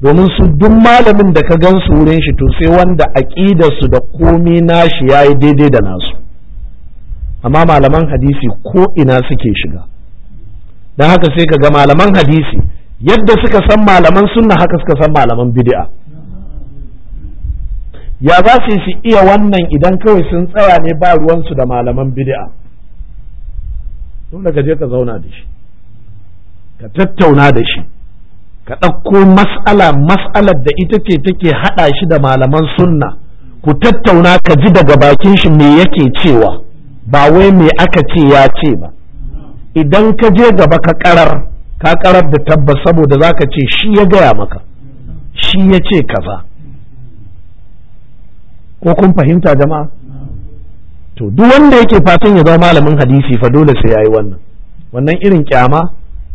domin su duk malamin da ka gan su wurin shi to sai wanda aƙidarsu da komi nashi ya yi daidai da nasu amma malaman hadisi ko ina suke shiga don haka sai ka ga malaman hadisi yadda suka san malaman sunna haka suka san malaman bidi'a. ya za su iya wannan idan kawai sun tsaya ne ba ruwansu da malaman bid'a dole ka je ka zauna da shi ka tattauna da shi ka ɗauko mas'ala mas'alar da ita ce take haɗa shi da malaman sunna ku tattauna ka ji daga bakin shi me yake cewa ba wai me aka ce ya ce ba idan ka je gaba ka karar ka karar da tabbas saboda zaka ce shi ya gaya maka shi ya ce kaza ko kun fahimta jama'a to duk wanda yake fatan ya zama malamin hadisi fa dole sai yayi wannan wannan irin kyama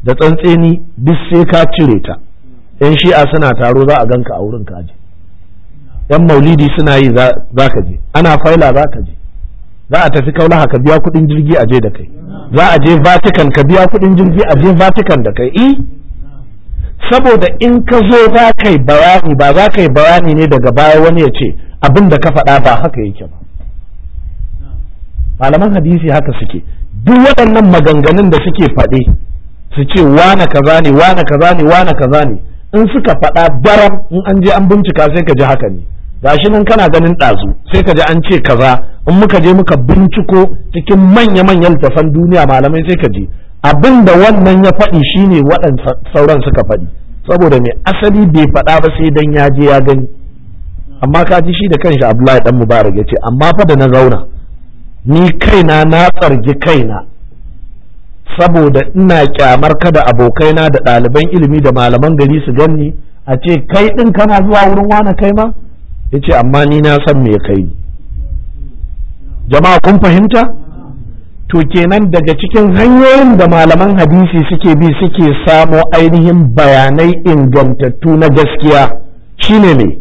da tsantseni duk sai ka cire ta yan shi'a suna taro za a ganka a wurin kaji yan maulidi suna yi za ka je ana faila za ka je za a tafi kaulaha ka biya kudin jirgi a je da kai za a je vatican ka biya kudin jirgi a je vatican da kai i eh? saboda in ka zo za ka yi bayani ba za ka yi bayani ne daga baya wani ya ce abin da ka faɗa ba haka yake ba malaman hadisi haka suke duk waɗannan maganganun da suke faɗe su ce wane kaza ne wane kaza ne wane kaza ne in suka faɗa baram in an je an bincika sai ka ji haka ne gashi nan kana ganin ɗazu sai ka ji an ce kaza in muka je muka binciko cikin manya-manyan tafan duniya malamai sai ka ji abin da wannan ya faɗi shine waɗansa sauran suka faɗi saboda mai asali bai faɗa ba sai dan ya je ya gani amma ka ji shi da kanshi Abdullahi dan Mubarak yace amma fa da na zauna ni kaina na tsargi kaina saboda ina kyamar kada abokaina da ɗaliban ilimi da malaman gari su ganni a ce kai ɗin kana zuwa wurin wane kai ma ya ce amma ni na san me kai jama'a kun fahimta to kenan daga cikin hanyoyin da malaman hadisi suke bi suke samo ainihin bayanai ingantattu na gaskiya shine ne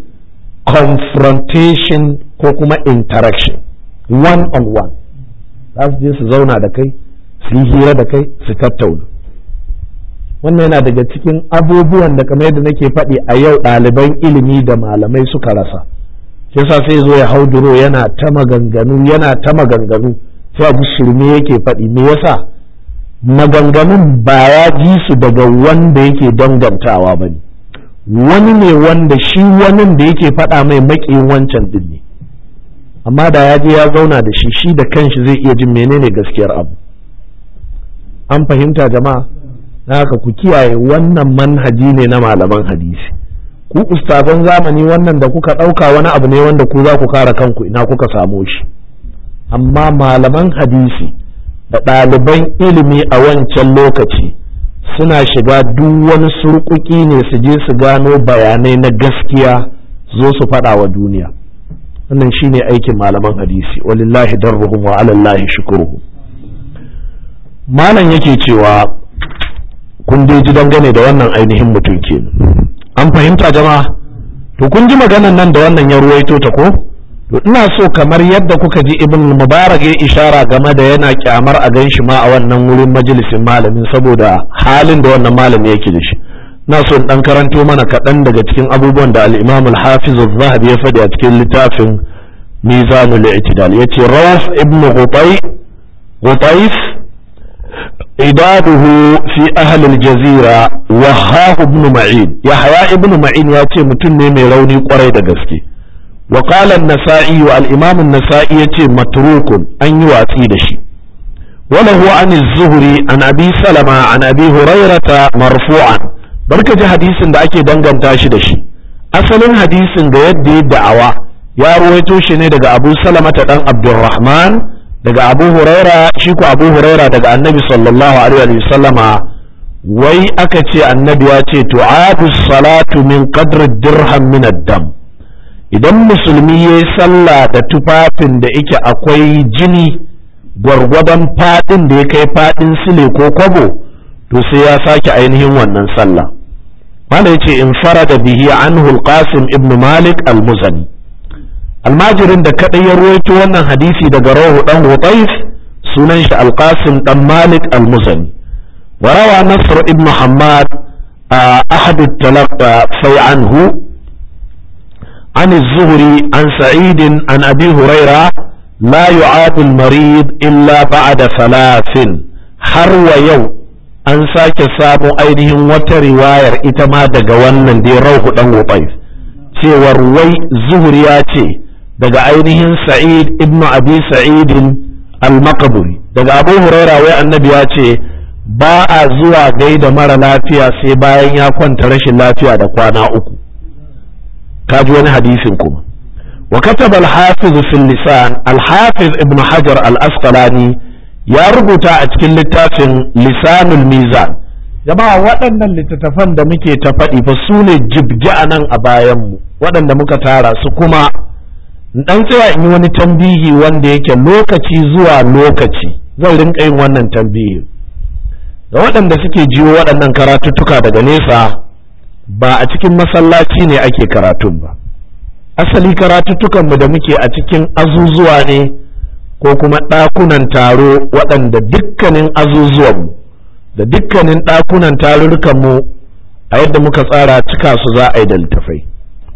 confrontation ko kuma interaction one on one za su je su zauna da kai su yi hira da kai su tattauna wannan yana daga cikin abubuwan da kamar yadda nake faɗi a yau ɗaliban ilimi da malamai suka rasa ke sa sai zo ya hau duro yana ta maganganu yana ta maganganu sai abu shirme yake faɗi me yasa maganganun ba ya ji su daga wanda yake dangantawa ba ne wani ne wanda shi wani da yake faɗa mai maƙiyin wancan din ne amma da ya je ya zauna da shi shi da kanshi zai iya jin menene gaskiyar abu an fahimta jama'a na haka ku kiyaye wannan manhaji ne na malaman hadisi ku ustazan zamani wannan da kuka ɗauka wani abu ne wanda ku za ku kare kanku ina kuka samo shi amma malaman hadisi da ɗaliban ilimi a wancan lokaci suna shiga duk wani surkuki ne su je su gano bayanai na gaskiya zo su fada wa duniya wannan shine aikin malaman hadisi walillahi darruhum wa alallahi shukuruhu malam yake cewa kun dai ji dangane da wannan ainihin mutum ke an fahimta jama'a to kun ji maganan nan da wannan ya ruwaito ta ko ina so kamar yadda kuka ji ibn mubarak ya ishara game da yana kyamar a gan shi ma a wannan wurin majalisin malamin saboda halin da wannan malami yake da shi na so in dan karanto mana kaɗan daga cikin abubuwan da al-imam al-hafiz az-zahabi ya faɗi a cikin littafin al i'tidal yace rawf ibn ghutay غطيف عباده في أهل الجزيرة ibn ma'in yahya ibn ma'in yace mutum ne mai rauni kwarai da gaske wa qala an-nasa'i wa al-imam an-nasa'i yace matrukun an yi watsi da shi وله عن الزهري عن أبي سلمة عن أبي هريرة مرفوعا بركة حديث دا أكي دنغم تاشي دشي أصل حديث دا يدي دعوة يا رويتو شيني دا أبو سلمة دان عبد الرحمن دا أبو هريرة شيكو أبو هريرة دا النبي صلى الله عليه وسلم وي أكتي النبي أتي تعاد الصلاة من قدر الدرهم من الدم idan musulmi ya yi sallah da tufafin da yake akwai jini gwargwadon faɗin da ya kai faɗin sile ko kwabo to sai ya sake ainihin wannan sallah mana yace in farada bihi anhu al-qasim ibn malik al-muzani almajirin da kadai ya ruwaito wannan hadisi daga rawahu dan hutayf sunan shi al-qasim dan malik al-muzani wa rawa nasr ibn hammad ahad at-talaqa anhu عن الزهري عن سعيد عن أبي هريرة لا يعاد المريض إلا بعد ثلاث har wa yau an sake samu ainihin wata riwayar ita ma daga wannan dai rauhu dan ubai cewar wai zuhri ya ce daga ainihin sa'id ibnu abi Sa'id al-maqburi daga abu huraira wai annabi ya ce ba a zuwa gaida mara lafiya sai bayan ya kwanta rashin lafiya da kwana uku ka ji wani hadisin kuma wa kataba al-hafiz fi lisan al-hafiz ibn hajar al-asqalani ya rubuta a cikin littafin lisanul mizan jama'a waɗannan littattafan da muke ta faɗi fa su ne jibgi a nan a bayanmu waɗanda muka tara su kuma dan tsaya in yi wani tambihi wanda yake lokaci zuwa lokaci zan rinka yin wannan tambihi ga waɗanda suke jiwo waɗannan karatuttuka daga nesa ba a cikin masallaci ne ake karatun ba asali karatuttukanmu da muke a cikin azuzuwa ne ko kuma ɗakunan taro waɗanda dukkanin azuzuwanmu da dukkanin ɗakunan tarurrukanmu a yadda muka tsara cika su za a yi da littafai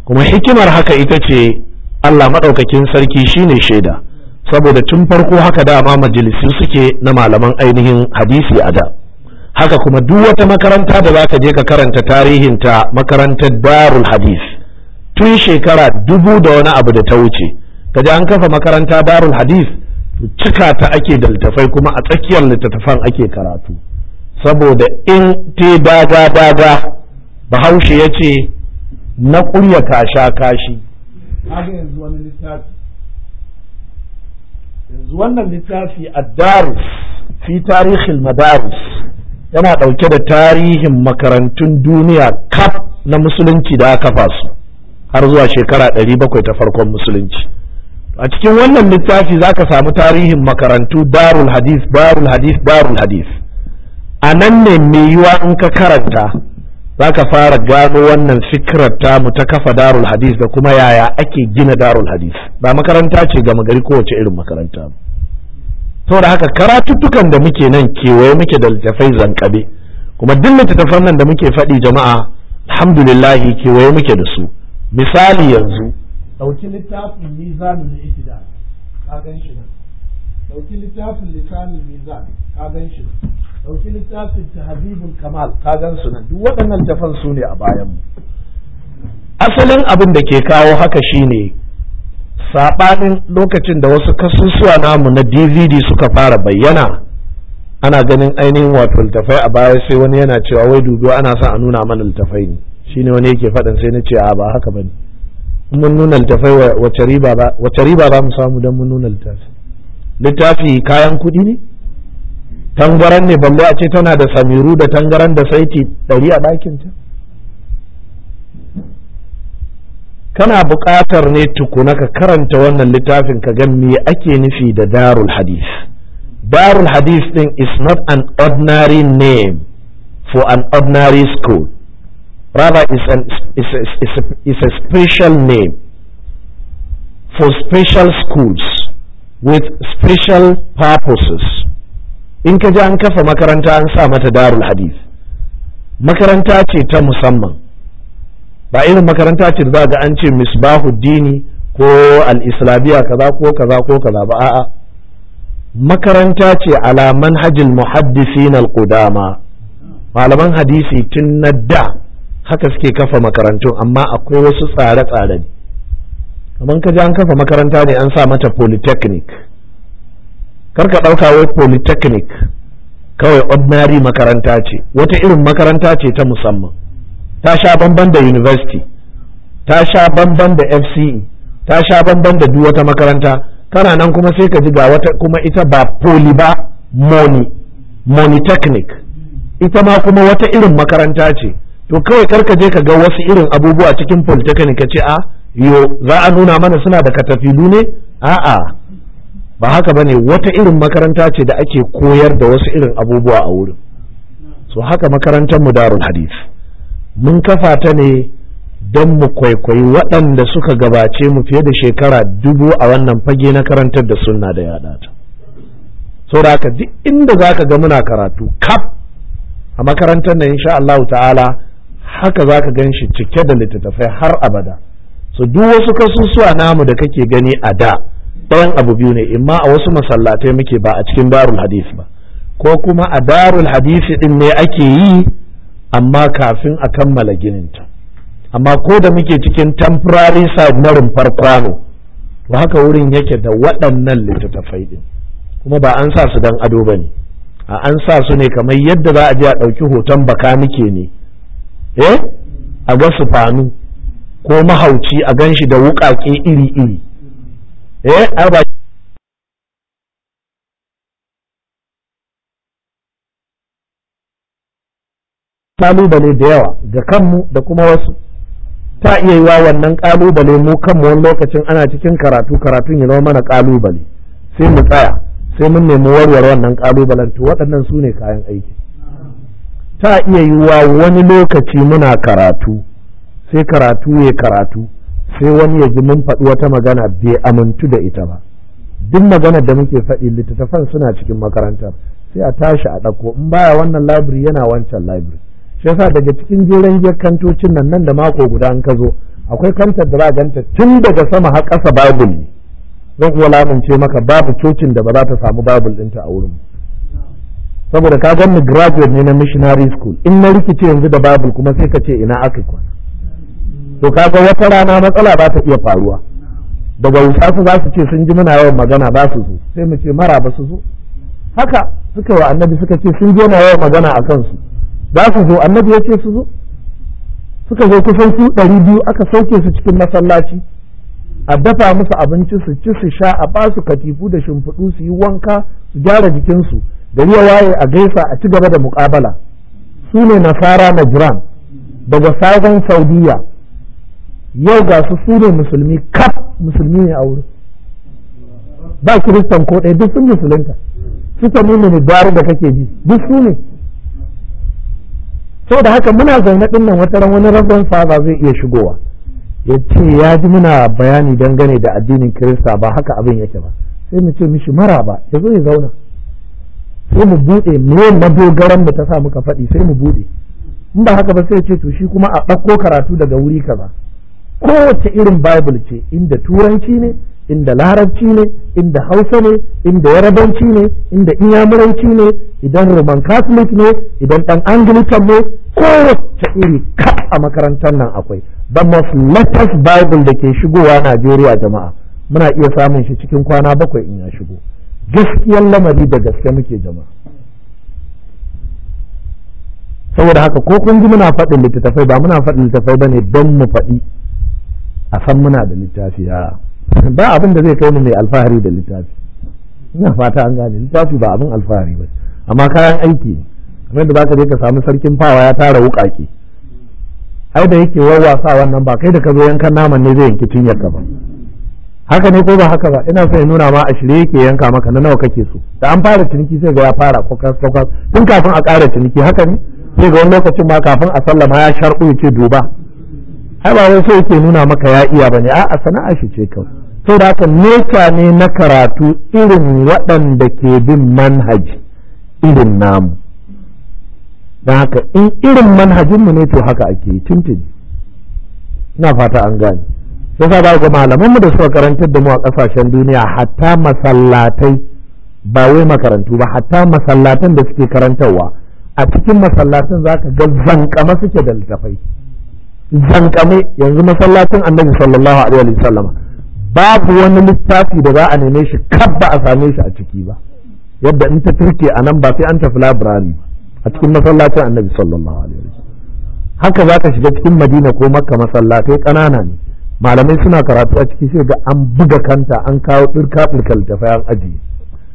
kuma hikimar haka ita ce Allah maɗaukakin sarki shine shaida saboda tun farko haka dama majalisu suke na malaman ainihin hadisi a da. haka kuma duk wata makaranta da za ka je ka karanta tarihinta makarantar darul hadis tun shekara dubu da wani abu da ta wuce ka ji an kafa makaranta darul hadis cika ta ake da littafai kuma a tsakiyar littattafan ake karatu saboda in te daga daga bahaushe ya ce na ƙurya kasha kashi yanzu wani littafi yanzu wannan fi tarihin madarus yana ɗauke da tarihin makarantun duniya kaf na musulunci da aka su har zuwa shekara ɗari bakwai ta farkon musulunci a cikin wannan littafi za ka samu tarihin makarantu darul hadis darul hadis darul hadis a nan ne mai yiwa in ka karanta za ka fara gano wannan fikirar mu ta kafa darul hadis da kuma yaya ake gina darul hadis ba makaranta ce gama gari kowace irin makaranta ba saboda haka karatuttukan da muke nan kewaye muke da littafai zankabe kuma duk littattafan nan da muke faɗi jama'a alhamdulillahi kewaye muke da su misali yanzu ɗauki littafin na ita ka gan shi nan ɗauki littafin lisanul mizan ka gan shi nan ɗauki littafin tahzibul kamal ka gan su nan duk waɗannan littafan su ne a bayan mu asalin abin da ke kawo haka shine saɓanin lokacin da wasu kasusuwa namu na dvd suka fara bayyana ana ganin ainihin wato littafai a baya sai wani yana cewa wai dubu ana sa a nuna mana littafai ne shine wani yake faɗin sai na ce a ba haka bane mun nuna littafai wace riba ba riba za mu samu don mun nuna littafi littafi kayan kuɗi ne tangaran ne balle a ce tana da samiru da tangaran da saiti ɗari a ɗakin ta kana buƙatar ne tukuna ka karanta wannan littafin ka ga me ake nufi da darul hadith darul hadith din is not an ordinary name for an ordinary school rather is an is a, is a, is a special name for special schools with special purposes in ka ji an kafa makaranta an sa mata darul hadith makaranta ce ta musamman ba irin makaranta ce za ga an ce misbahuddini ko al-islamiyya kaza ko kaza ko kaza ba a'a makaranta ce ala manhajil muhaddisin al-qudama malaman hadisi tun na da haka suke kafa makarantu amma akwai wasu tsare-tsare kamar ka ji an kafa makaranta ne an sa mata polytechnic kar ka ɗauka wai polytechnic kawai ordinary makaranta ce wata irin makaranta ce ta musamman ta sha bamban da university ta sha bamban da fce ta sha bamban da duk wata makaranta kana nan kuma sai ka ji ga wata kuma ita ba poli ba moni monitechnic ita ma kuma wata irin makaranta ce to kawai ka je ka ga wasu irin abubuwa cikin polytechnic ka ce a ah, yo za a nuna mana suna da katafilu ne a'a ba haka ba ne wata irin makaranta ce da ake koyar da wasu irin abubuwa a wurin so haka makarantar mu darul hadith mun kafa ta ne don mu kwaikwayi waɗanda suka gabace mu fiye da shekara dubu a wannan fage na karantar da sunna da yada ta saboda haka duk inda za ka ga muna karatu kaf a makarantar nan insha Allah ta'ala haka za ka gan shi cike da littattafai har abada so duk wasu kasusuwa namu da kake gani a da ɗayan abu biyu ne imma a wasu masallatai muke ba a cikin darul hadith ba ko kuma a darul hadisi ɗin ne ake yi amma kafin a kammala ginin ta, amma ko da muke cikin temporary side na rumfar kwano to haka wurin yake da waɗannan littattafai ɗin kuma ba an sa su dan ado ba ne a an sa su ne kamar yadda za a je a ɗauki hoton baka bakanike ne eh a ga sufanu ko mahauci a gan shi da wuƙaƙe iri-iri eh kalubale da yawa ga kanmu da kuma wasu ta iya yiwa wannan kalubale mu kanmu wani lokacin ana cikin karatu karatun ya zama mana kalubale sai mu tsaya sai mun nemi warware wannan kalubalen to waɗannan su ne kayan aiki ta iya yiwa wani lokaci muna karatu sai karatu ya karatu sai wani ya ji mun faɗi wata magana bai amintu da ita ba duk maganar da muke faɗi littattafan suna cikin makarantar sai a tashi a ɗauko in baya wannan labiri yana wancan labiri shi yasa daga cikin jeren jiyar kantocin nan nan da mako guda an ka zo akwai kantar da za ganta tun daga sama har ƙasa babul ne zan kuwa lamunce maka babu cocin da ba za ta samu babul ɗinta a wurin saboda ka gan graduate ne na missionary school in na rikice yanzu da babul kuma sai ka ce ina aka kwana to kaga wata rana matsala ba ta iya faruwa daga wuta su za su ce sun ji muna yawan magana ba su zo sai mu ce mara ba su zo haka suka wa annabi suka ce sun je na yawan magana a kansu za su zo annabi ya ce su zo suka zo kusan su ɗari biyu aka sauke su cikin masallaci a dafa musu abinci su ci su sha a basu katifu da shimfiɗu su yi wanka su gyara jikinsu da ya waye a gaisa a ci gaba da muƙabala su ne nasara na jiran daga sabon saudiya yau ga su su ne musulmi kaf musulmi ne a wurin ba kiristan ko ɗaya duk sun musulunta su ta nuna da kake ji duk su ne saboda haka muna zaune din nan wata ran wani rabon ba zai iya shigowa ya ce ya ji muna bayani dangane da addinin kirista ba haka abin yake ba sai mu ce mishi mara ba ya zo ya zauna sai mu buɗe me madogaran mu ta sa muka faɗi sai mu buɗe in ba haka ba sai ce to shi kuma a ɗauko karatu daga wuri kaza kowace irin bible ce inda turanci ne inda larabci ne inda hausa ne inda yarabanci ne inda inyamuranci ne idan roman catholic ne idan dan anglican ne ko kowace iri ka a makarantar nan akwai the most latest bible da ke shigowa najeriya jama'a muna iya samun shi cikin kwana bakwai in ya shigo gaskiyar lamari da gaske muke jama'a saboda haka ko kun ji muna faɗin littattafai ba muna faɗin littattafai ba ne don mu faɗi a san muna da littafi ba abin da zai kai ni mai alfahari da littafi ina fata an gane littafi ba abin alfahari ba amma kayan aiki ne kamar da zaka je ka samu sarkin fawa ya tara wukaki ai da yake wawwasa wannan ba kai da ka zo yankan naman ne zai yanki cinyar ka ba haka ne ko ba haka ba ina so ya nuna ma a shirye yake yanka maka na nawa kake so da an fara ciniki sai ga ya fara kokas kokas tun kafin a ƙara ciniki haka ne sai ga wani lokacin ma kafin a sallama ya sharɓu ya ce duba ai ba wai sai yake nuna maka ya iya bane a sana'a shi ce kawai to da haka nesa ne na karatu irin waɗanda ke bin manhaji irin namu don haka in irin manhajinmu ne to haka ake tuntun ina fata an gane sai sa ga malamanmu da suka karantar da mu a kasashen duniya hatta masallatai ba wai makarantu ba hatta masallatan da suke karantarwa a cikin masallatan za ka ga zanƙama suke da littafai zankame yanzu masallacin annabi sallallahu alaihi wa sallama babu wani littafi da za a neme shi kaf ba a same shi a ciki ba yadda in ta turke a nan ba sai an tafi labirari a cikin masallacin annabi sallallahu alaihi wasallam haka za ka shiga cikin madina ko makka masallatai ƙanana ne malamai suna karatu a ciki sai ga an buga kanta an kawo ɗirka ɗirka littafai an ajiye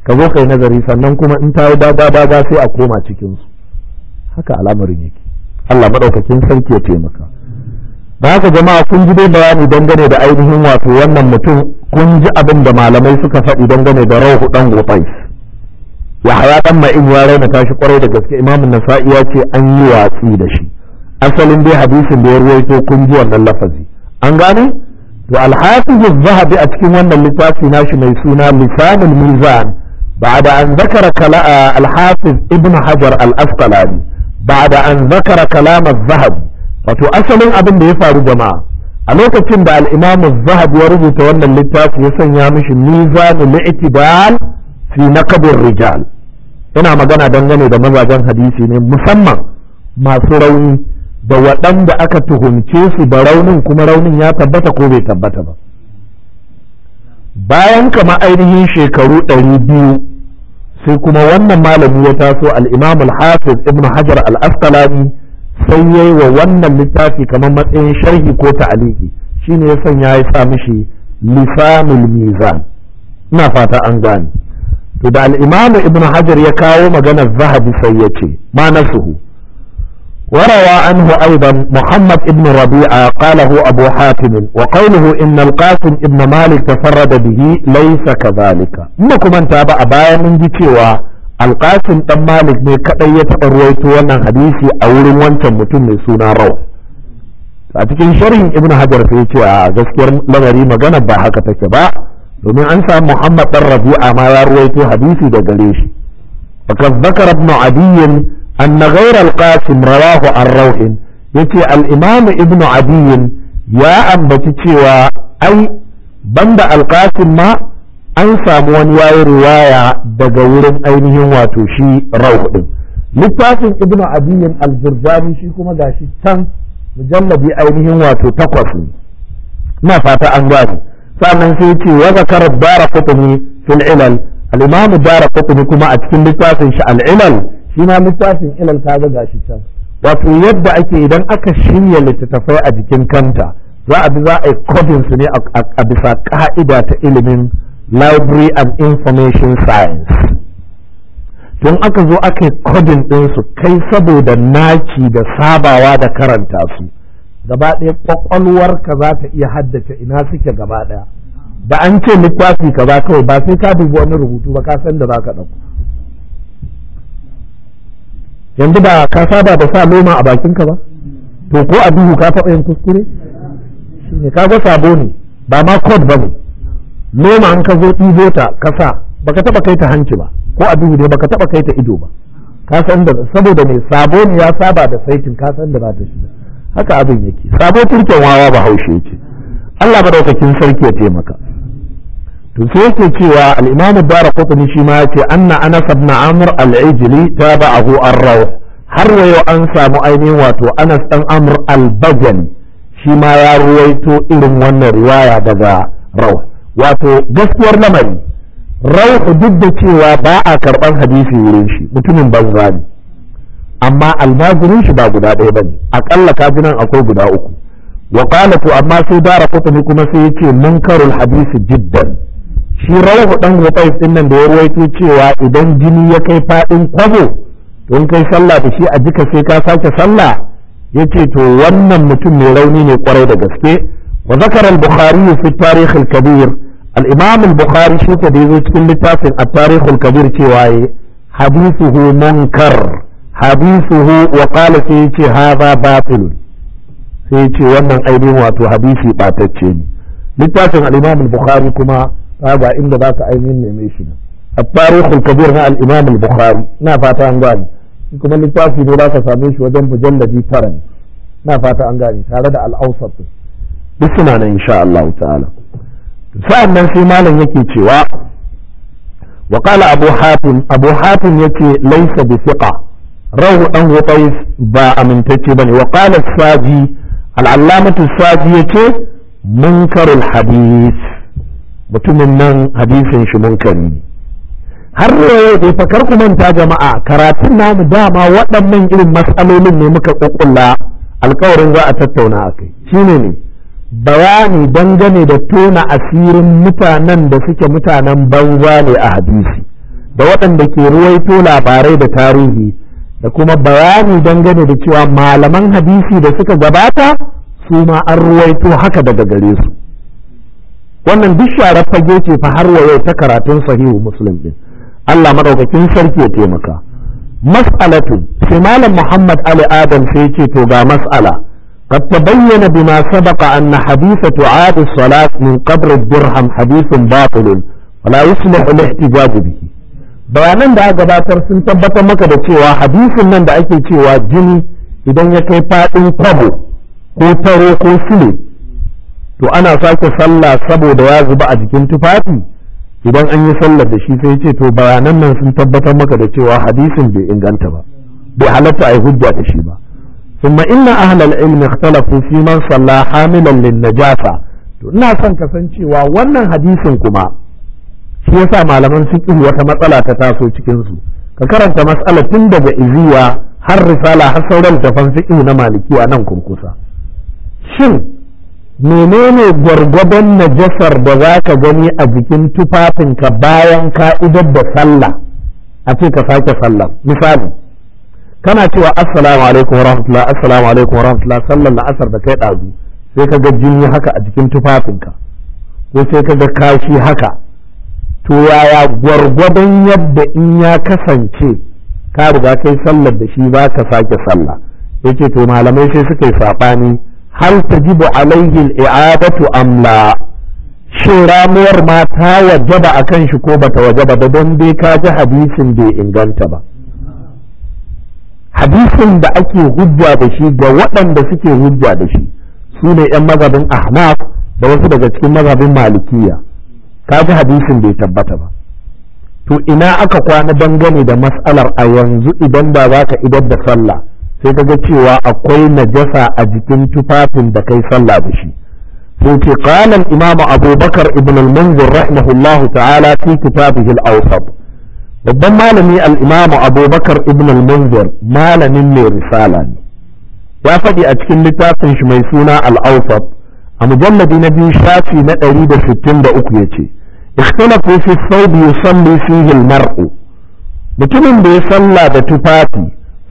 ka zo kai nazari sannan kuma in ta yi daga daga sai a koma cikinsu haka al'amarin yake Allah maɗaukakin sarki ya taimaka da jama'a kun ji dai bayani dangane da ainihin wato wannan mutum kun ji abin da malamai suka faɗi dangane da rawu dan gufai ya haya dan ma'in ya raina tashi kwarai da gaske imamun nasa'i ya ce an yi watsi da shi asalin dai hadisin da ya ruwaito kun ji wannan lafazi an gane to alhafiz zahabi a cikin wannan littafi nashi mai suna lisanul mizan بعد أن ذكر الحافظ ابن حجر الأسقلاني بعد أن ذكر كلام الذهب wato asalin abin da ya faru jama'a a lokacin da al'imamu zahab ya rubuta wannan littafi ya sanya mishi mizanu itibal fi naqabir rijal yana magana dangane da mazajen hadisi ne musamman masu rauni da waɗanda aka tuhumce su da raunin kuma raunin ya tabbata ko bai tabbata ba bayan kama ainihin shekaru ɗari biyu sai kuma wannan malami ya taso al-imam hafiz ibn hajar al-asqalani sai yayi wa wannan littafi kamar matsayin sharhi ko ta'aliki shine ya sanya ya sa mishi lisanul mizan ina fata an gane to da al-imam ibn hajar ya kawo maganar zahabi sai ya ce ma nasuhu وروى عنه أيضا محمد بن ربيعة قاله أبو حاتم وقوله إن القاسم بن مالك تفرد به ليس كذلك إنكم أنت أبا أبايا من جتوى alƙasin ɗan malik ne kaɗai ya taɓa ruwaito wannan hadisi a wurin wancan mutum mai suna rau a cikin sharhin ibnu hajar sai ce a gaskiyar lamari magana ba haka take ba domin an samu muhammad ɗan rabi'a ma ya ruwaito hadisi da gare shi fakas zakar ibnu anna أن alqasim rawahu an عن yace يتي الإمام ibnu adiyin ya ambaci cewa ai banda alqasim ma. an samu wani waya riwaya daga wurin ainihin wato shi rauh din littafin ibnu adiyin al-jurjani shi kuma gashi can mujalladi ainihin wato takwas ne na fata an gani sannan sai ce wa zakara dara qutni fil ilal al-imam dara qutni kuma a cikin littafin shi al-ilal shi ma littafin ilal kaga gashi can wato yadda ake idan aka shirya littattafai a jikin kanta za a bi za a yi kodin su ne a bisa ka'ida ta ilimin library of information science tun aka zo aka yi kodin ɗinsu kai saboda naci da sabawa da karanta su gaba ɗaya ka za ta iya haddace ina suke gaba ɗaya da an ce littafi ka ba kawai ba sai ka dubi wani rubutu ba ka san da za ka ɗauko yanzu ba ka saba da sa loma a bakin ka ba to ko a duhu ka taɓa yin kuskure shi ne ka ga sabo ne ba ma kod ba ne noma an ka zo ɗibo ta kasa baka taba kai ta hanci ba ko a duhu ne baka taba kai ta ido ba ka san da saboda mai sabo ne ya saba da saitin ka san da ba ta shi haka abin yake sabo turken wawa ba haushe yake Allah madaukakin sarki ya taimaka to sai yake cewa al-Imam ad-Darqutni shi ma yace anna Anas ibn Amr al-Ijli tabahu ar-Rawh har wayo an samu ainihin wato Anas dan amur al shi ma ya ruwaito irin wannan riwaya daga rawa. wato gaskiyar lamari rauhu duk da cewa ba a karɓar hadisi wurin shi mutumin banza ne amma almajirin shi ba guda ɗaya bane akalla kafinan akwai guda uku wa qala to amma sai dara kutumi kuma sai yace munkarul hadisi jiddan shi rauhu dan rufais din nan da ya rawaito cewa idan jini ya kai fadin kwabo to in kai sallah da shi a jika sai ka sake sallah yace to wannan mutum mai rauni ne kwarai da gaske wa zakara al-bukhari fi tarikh al-kabir Al'imamin bukhari shi ta da yazo cikin littafin at-tarikh al-kabir cewa yi hadithuhu munkar hadithuhu wa qala sai yace hadha batil sai yace wannan ainihin wato hadisi batacce ne littafin al-imam al-bukhari kuma ba inda za ka ainihin neme shi at-tarikh al na al-imam bukhari na fata an ne za same shi wajen mujalladi tara na fata an tare da al-awsat insha Allah ta'ala sa'an nan sai malam yake cewa wa qala abu hatim abu hatim yace laisa bi thiqa rahu dan ba amintacce bane wa qala saji al-allamatu saji yace munkarul hadith mutumin nan hadisin shi munkari har yau dai fa kar ku manta jama'a karatun namu dama waɗannan irin matsalolin ne muka kukkulla alƙawarin za a tattauna akai shine ne bayani dangane da tona asirin mutanen da suke mutanen banza ne a hadisi da waɗanda ke ruwaito labarai da tarihi da kuma bayani dangane da cewa malaman hadisi da suka gabata su ma an ruwaito haka daga gare su wannan duk sharar fage ce fa har wa yau ta karatun sahihu muslim din Allah madaukakin sarki ya taimaka mas'alatu sai malam Muhammad Ali Adam sai ce to ga mas'ala قد تبين بما سبق أن حديث تعاد الصلاة من قبر الدرهم حديث باطل ولا يصلح الاحتجاج به bayanan da aka gabatar sun tabbatar maka da cewa hadisin nan da ake cewa jini idan ya kai faɗin kwabo ko taro ko sile to ana sake sallah saboda ya zuba a jikin tufafi idan an yi sallar da shi sai ce to bayanan nan sun tabbatar maka da cewa hadisin bai inganta ba bai halatta a yi hujja da shi ba ثم إن أهل العلم اختلفوا في من صلى حاملا للنجاسة ina son cewa wannan hadisin kuma shi yasa malaman fiqh wata matsala ta taso cikin su ka karanta matsala tun daga iziya har risala har sauran tafan fiqh na maliki a nan kurkusa shin menene gwargwadon najasar da za ka gani a jikin tufafinka bayan ka idar da sallah a ce ka sake sallah misali kana cewa assalamu alaikum wa rahmatullah assalamu alaikum wa rahmatullah sallan la'asar da kai ɗazu sai ka ga jini haka a jikin tufafinka ko sai ka ga kashi haka to yaya gwargwadon yadda in ya kasance ka riga kai sallar da shi ba ka sake sallah yace to malamai sai suka yi saɓani hal tajibu alaihi al-i'adatu am la shin ramuwar ma ta wajaba akan shi ko bata wajaba ba don dai ka ji hadisin bai inganta ba hadisin da ake hujja da shi ga waɗanda suke hujja da shi su ne 'yan mazabin ahnaf da wasu daga cikin mazabin malikiya kaga hadisin bai tabbata ba to ina aka kwana dangane da mas'alar a yanzu idan ba za ka idar da sallah sai ka ga cewa akwai najasa a jikin tufafin da kai sallah da shi sai ce qala al-imam abubakar ibn al-munzir rahimahullahu ta'ala fi kitabihi al-awsat babban malami al'imamu abubakar ibn al-munzir malamin mai risala ne ya faɗi a cikin littafin shi mai suna al'aufar a mujalladi na biyu shafi na ɗari da sittin da uku ya ce ikhtalafu fi saubi yusalli fihi al-mar'u mutumin da ya salla da tufafi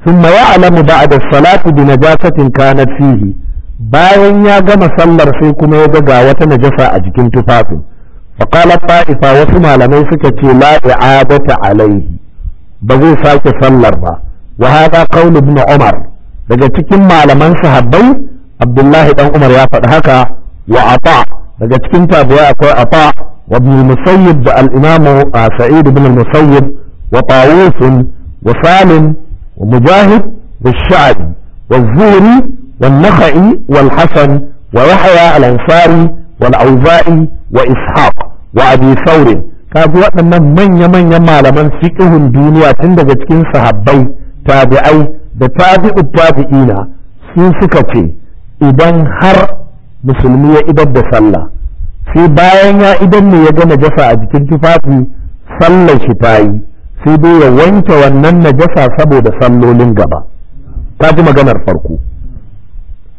thumma ya'lamu ba'da salati bi najasatin kanat fihi bayan ya gama sallar sai kuma ya ga wata najasa a jikin tufafin faƙalar ta'ifa wasu malamai suka ce la i'adata alaihi ba zai sake sallar ba wa hada qaulu ibn umar daga cikin malaman sahabbai abdullahi dan umar ya faɗi haka wa ata daga cikin tabi'a akwai ata wa ibn musayyib da al-imam sa'id ibn musayyib wa tawus wa salim wa mujahid wa sha'bi wa zuhri wa nakhai hasan wa yahya al-ansari wal auza'i wa ishaq wa abi saurin kaga waɗannan manya-manyan malaman fiqhun duniya tun daga cikin sahabbai tabi'ai da tabi'u tabi'ina su suka ce idan har musulmi ya idar da sallah sai bayan ya idan ne ya ga najasa a jikin tufafi sallar shi ta yi sai dai ya wanke wannan najasa saboda sallolin gaba ta ji maganar farko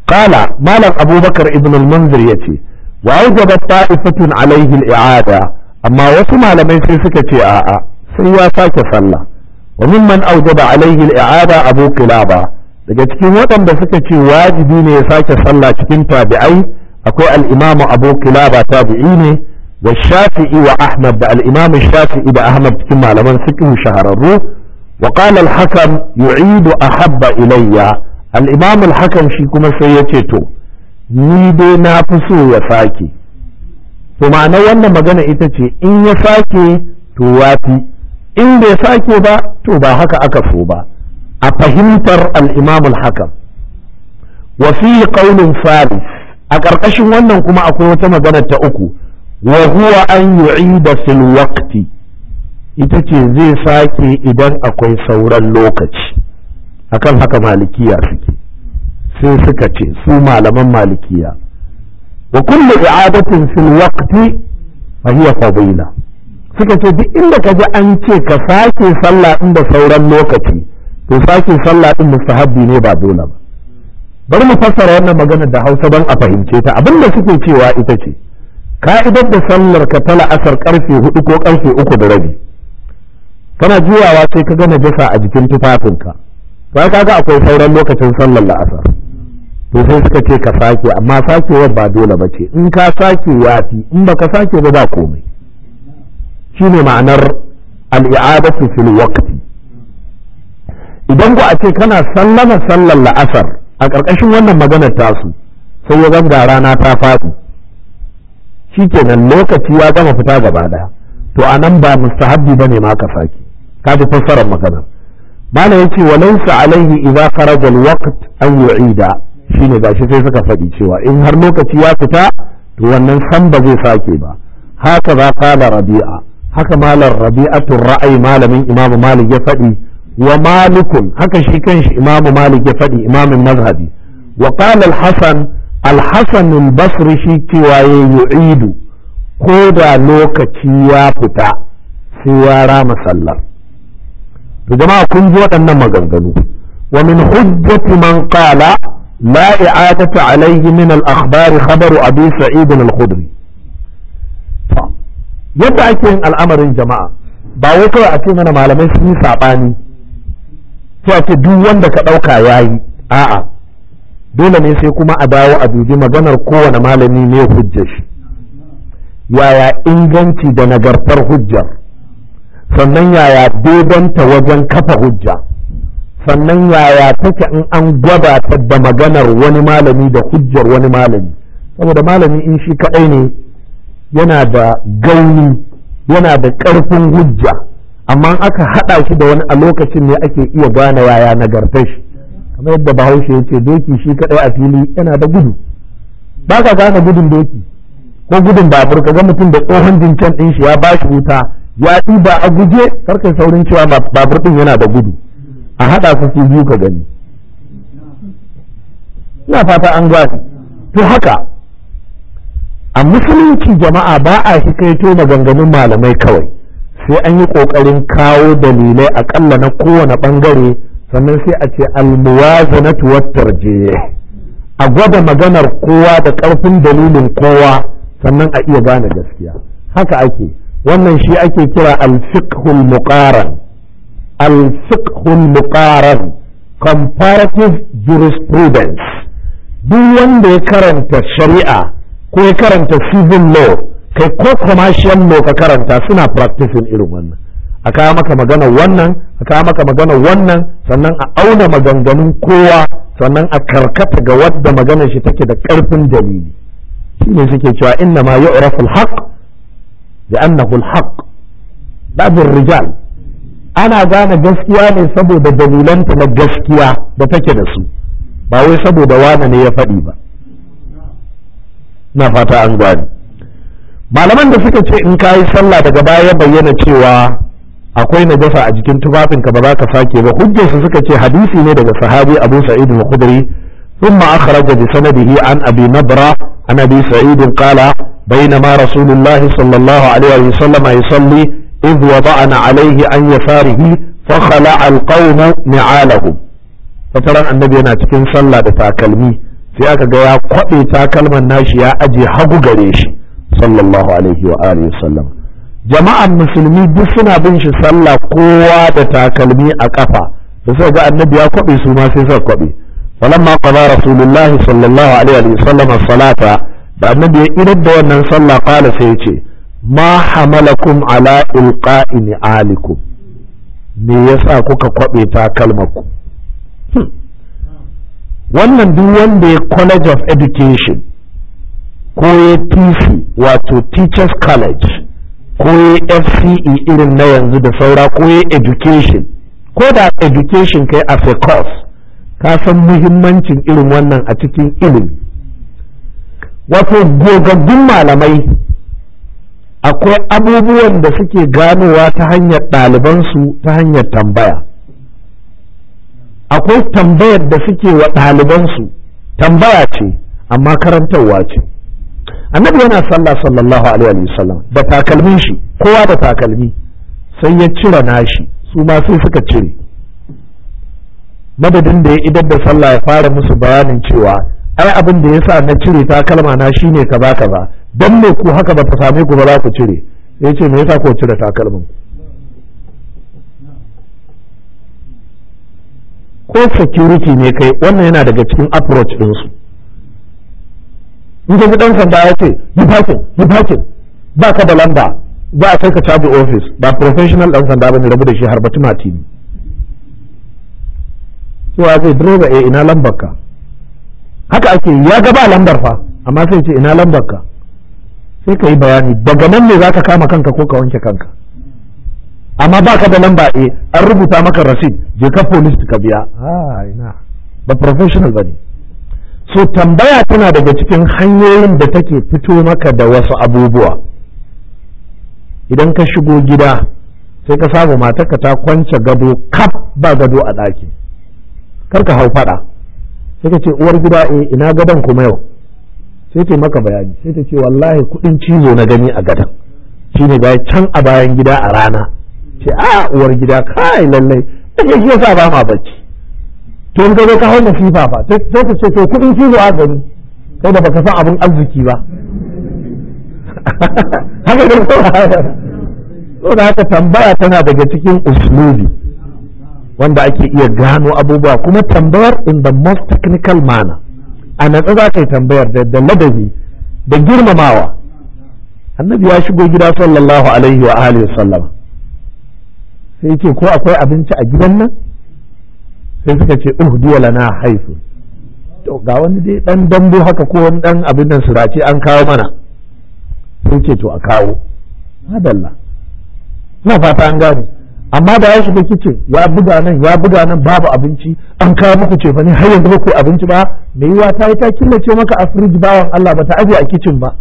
kala malam abubakar ibn al ya ce wa aujaba ta'ifatun alaihi al-i'ada amma wasu malamai sai suka ce a'a sai ya sake sallah wa mimman aujaba alaihi al-i'ada abu qilaba daga cikin waɗanda suka ce wajibi ne ya sake sallah cikin tabi'ai akwai al-imamu abu qilaba tabi'i ne da shafi'i wa ahmad da al-imamu shafi'i da ahmad cikin malaman fiqh shahararru wa qala al-hakam yu'idu ahabba ilayya al hakan shi kuma sai ya ce to ni dai na fi so ya sake to ma'anar wannan magana ita ce in ya sake to wafi in bai sake ba to ba haka aka so ba a fahimtar al'imamul hakan. al-hakam wa fi a ƙarƙashin wannan kuma akwai wata magana ta uku wa huwa an yi da silwakti ita ce zai sake idan akwai sauran lokaci akan haka malikiya suke sai suka ce su malaman malikiya wa kullu i'adatin fil waqti fa hiya fadila suka ce duk inda ka ji an ce ka sake sallah din da sauran lokaci to sake sallah din mustahabbi ne ba dole ba bari mu fassara wannan magana da Hausa don a fahimce ta abinda suke cewa ita ce ka'idar da sallar ka tala asar karfe hudu ko karfe uku da rabi kana juyawa sai ka ga najasa a jikin tufafinka sai kaga akwai sauran lokacin sallar la'asar to sai suka ce ka sake amma sakewar ba dole ba ce in ka sake ya fi in ba ka sake ba ba komai shine ma'anar al'i'adatu fil waqti idan ku a ce kana sallama sallar la'asar a ƙarƙashin wannan maganar tasu sai ya ganga rana ta faɗi shi shikenan lokaci ya gama fita gaba ɗaya to a nan ba mustahabbi ne ma ka sake ka ji fassarar maganar malam yace wa laisa alaihi idza faraja alwaqt waqt an yu'ida shine gashi sai suka faɗi cewa in har lokaci ya fita to wannan san ba zai sake ba haka za kala rabi'a haka malam rabi'atun ra'ayi malamin imamu malik ya faɗi wa malikun haka shi kanshi imamu malik ya faɗi imamin mazhabi wa qala al-hasan basri shi cewa ya yu'idu ko da lokaci ya fita sai ya rama sallar to jama'a kun ji waɗannan maganganu wa min hujjati man لا إعادة عليه من الأخبار خبر أبي سعيد الخدري yadda ake yin al'amarin jama'a ba wai kawai a ce mana malamai sun yi saɓani sai ce duk wanda ka ɗauka ya yi a'a dole ne sai kuma a dawo a dubi maganar kowane malami ne hujjar shi yaya inganci da nagartar hujjar sannan yaya dodonta wajen kafa hujja sannan yaya take in an gwada da maganar wani malami da hujjar wani malami saboda malami in shi kaɗai ne yana da gauni yana da ƙarfin hujja amma aka haɗa shi da wani a lokacin ne ake iya gane yaya nagartar shi kamar yadda bahaushe ya ce doki shi kaɗai a fili yana da gudu ba ka gane gudun doki ko gudun babur ka ga mutum da tsohon jinken ɗin shi ya bashi wuta ya ba a guje karkai saurin cewa babur ɗin yana da gudu a haɗa su su biyu ka gani ina fata an gane to haka a musulunci jama'a ba a shi kai hikaito maganganun malamai kawai sai an yi ƙoƙarin kawo dalilai aƙalla na kowane ɓangare sannan sai a ce almuwazanatu tuwatar a gwada maganar kowa da ƙarfin dalilin kowa sannan a iya gane gaskiya haka ake wannan shi ake kira alfikhul muqaran al-fiqh al-muqaran comparative jurisprudence duk wanda ya karanta shari'a ko ya karanta civil law kai ko commercial law ka karanta suna practicing irin wannan a kawo maka magana wannan a kawo maka magana wannan sannan a auna maganganun kowa sannan a karkata ga wadda maganar shi take da karfin dalili ne suke cewa inna ma yu'rafu al-haq bi annahu al-haq babu rijal ana gane gaskiya ne saboda dalilanta na gaskiya da take da su ba wai saboda wane ne ya faɗi ba na fata an gwani. malaman da suka ce in kayi sallah daga baya ya bayyana cewa akwai najasa a jikin tufafinka ba za ka sake ba hujjarsu suka ce hadisi ne daga sahabi abu sa'id al-khudri an أخرج بسنده عن an abi عن أبي سعيد قال بينما رسول الله صلى alaihi عليه وسلم إذ وضعنا عليه عن يساره فخلع القوم نعالهم فترى النبي أنا تكين صلى بتاكلمي في أكا قيا قطي تاكلم الناش يا أجي حقو قريش صلى الله عليه وآله وسلم جماعة مسلمي دسنا بنش صلى قوة بتاكلمي أكفا فسوى النبي يا قطي سوما سيسا قطي فلما قضى رسول الله صلى الله عليه وسلم الصلاة da annabi ya idar da wannan sallah qala sai yace ma hamalakum ala ilqa'i aliku. me yasa kuka kwabe ta kalmarku hmm. wannan duk wanda ya college of education ko ya tc wato teachers college ko ya fce irin na yanzu da saura ko ya education ko da education kai as a course ka san muhimmancin irin wannan a cikin ilimi wato gogaggun malamai akwai abubuwan da suke ganowa ta hanyar ɗalibansu ta hanyar tambaya akwai tambayar da suke wa ɗalibansu tambaya ce amma karantarwa ce annabi yana sallah sallallahu alaihi wasallam da takalmin shi kowa da takalmi sai ya cire nashi su ma sai suka cire madadin da ya idar da sallah ya fara musu bayanin cewa ai abin da ya sa na cire takalma na shine kaza kaza Don me ku haka ba ta same ku ba za ku cire ya ce me yasa ku cire takalmin ko security ne kai wannan yana daga cikin approach ɗinsu in ka dan sanda ya ce yi parking yi parking ba ka da lamba za a kai ka caji office ba professional ɗan sanda bane rabu da shi har batuna tini a zai direba eh ina lambar ka haka ake ya ga ba lambar fa amma sai ce ina lambar ka sai ka yi bayani daga nan ne za ka kama kanka ko ka wanke kanka amma ba ka da lamba e an rubuta maka rasid je ka polis ka biya ba professional ba ne so tambaya tana daga cikin hanyoyin da take fito maka da wasu abubuwa idan ka shigo gida sai ka samu matarka ta kwance gado kaf ba gado a ɗaki kar ka hau faɗa sai ka ce uwar gida e ina gadon kuma yau sai ta maka bayani sai ta ce wallahi kuɗin cizo na gani a gadan shi ne ga can a bayan gida a rana ce a uwar gida kai lallai ake shi yasa ba ma bacci to in gaba ka hau fifa fa sai ta ce to kuɗin cizo a gani kai da baka san abin arziki ba haka ne so da haka tambaya tana daga cikin uslubi wanda ake iya gano abubuwa kuma tambayar in the most technical manner a natsa za ka yi tambayar da da ladabi da girmamawa annabi ya shigo gida sallallahu alaihi wa alihi sallama sai ce ko akwai abinci a gidan nan sai suka ce duwa lana haifu to ga wani dai dan dambu haka ko wani dan abin nan surace an kawo mana sai ce to a kawo madalla na fata an gane amma da ya shiga kicin ya buga nan ya buga nan babu abinci an kawo muku cefane har yanzu ba ku abinci ba me yiwa ta yi ta killace maka a firiji bawan Allah ba ta aje a kicin ba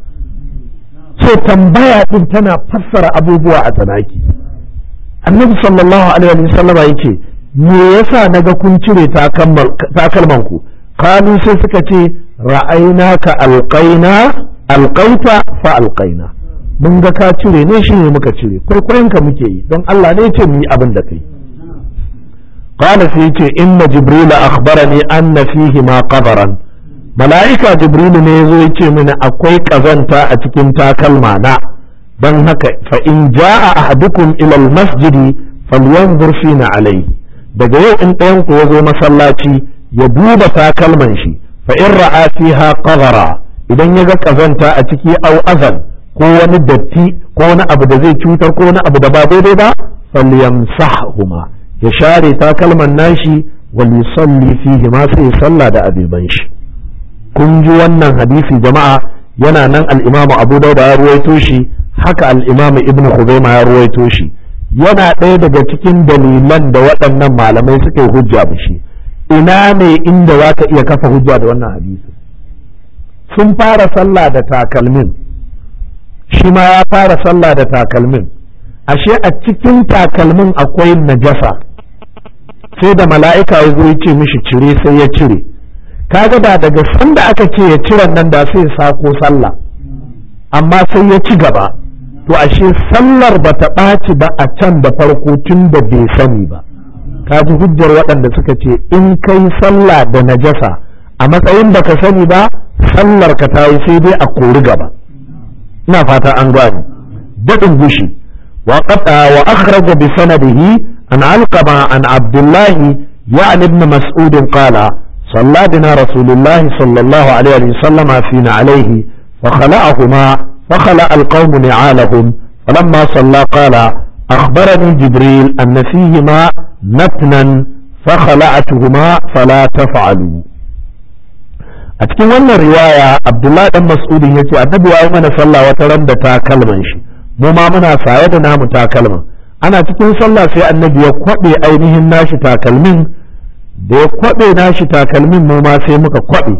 so tambaya din tana fassara abubuwa a tsanaki annabi sallallahu alaihi wa sallama yake me yasa naga kun cire takalman ku kalu sai suka ce ra'ainaka alqaina alqaita fa alqaina mun ga ka cire ne shi ne muka cire ka muke yi don Allah ne ce mu yi abin da kai qala sai ce inna jibril akhbarani anna fihi ma qabaran mala'ika jibril ne yazo yace mini akwai kazanta a cikin takalma na ban haka fa in jaa ahadukum ila al masjidi falyanzur fina alayhi daga yau in ɗayan ku yazo masallaci ya duba takalman shi fa in ra'a fiha qadara idan ya ga kazanta a ciki au azan ko wani datti ko wani abu da zai cutar ko wani abu da ba daidai ba falyamsahuma ya share takalman nashi wal yusalli fihi ma sai salla da abiban shi kun ji wannan hadisi jama'a yana nan al-Imam Abu Dawud ya ruwaito shi haka al-Imam Ibn Khuzaimah ya ruwaito shi yana ɗaya daga cikin dalilan da waɗannan malamai suka yi hujja da shi ina ne inda za ka iya kafa hujja da wannan hadisi sun fara sallah da takalmin shi ma ya fara sallah da takalmin ashe a cikin takalmin akwai najasa sai da mala'ika ya zo ce mishi cire sai ya cire kaga da daga sanda aka ce ya cire nan da sai ya ko sallah amma sai ya ci gaba to ashe sallar ba ta ɓaci ba a can da farko tun da bai sani ba ka ji hujjar waɗanda suka ce in kai sallah da najasa a matsayin da ka sani ba sallar ka ta yi sai dai a kori gaba ina fata an gano daɗin gushi wa ƙaɗa wa akhraja bi sanadihi an alqama an abdullahi ya ali ibn mas'ud qala salla bina rasulullah sallallahu alaihi wa sallama fina alaihi fa khala'ahuma fa khala'a alqawm jibril an صلى قال أخبرني جبريل أن فيهما متنا فخلعتهما فلا تفعلوا a cikin wannan riwaya abdullahi dan mas'udin yace annabi ya mana sallah wata ran da kalman shi mu ma muna saye da namu takalman ana cikin sallah sai annabi ya kwabe ainihin nashi takalmin da ya kwabe nashi takalmin mu ma sai muka kwabe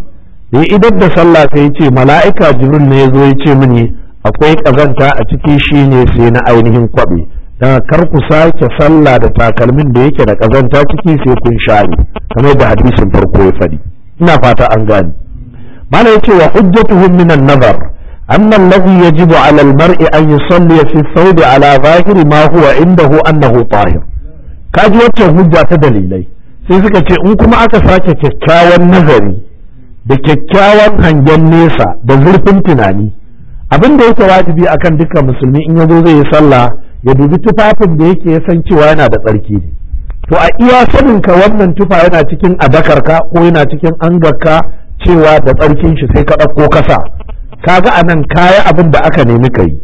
da idan da sallah sai yace mala'ika jibril ne yazo yace mini akwai kazanta a cikin shi ne sai na ainihin kwabe dan kar ku sake sallah da takalmin da yake da kazanta ciki sai kun share kamar da hadisin farko ya faɗi ina fata an gani. mana yake wa hujjatuhum min an-nazar أن الذي يجب على المرء أن يصلي في الثوب 'ala zahiri ma huwa indahu annahu tahir kaji waccan hujja ta dalilai sai suka ce in kuma aka sake kyakkyawan nazari da kyakkyawan hangen nesa da zurfin tunani abin da yake wajibi akan dukkan musulmi in yazo zai yi sallah ya dubi tufafin da yake ya san cewa yana da tsarki to a iya sanin ka wannan tufa yana cikin adakarka ko yana cikin angarka cewa da tsarkin shi sai ka ɗauko kasa kaga a nan kayi abin da aka nemi ka yi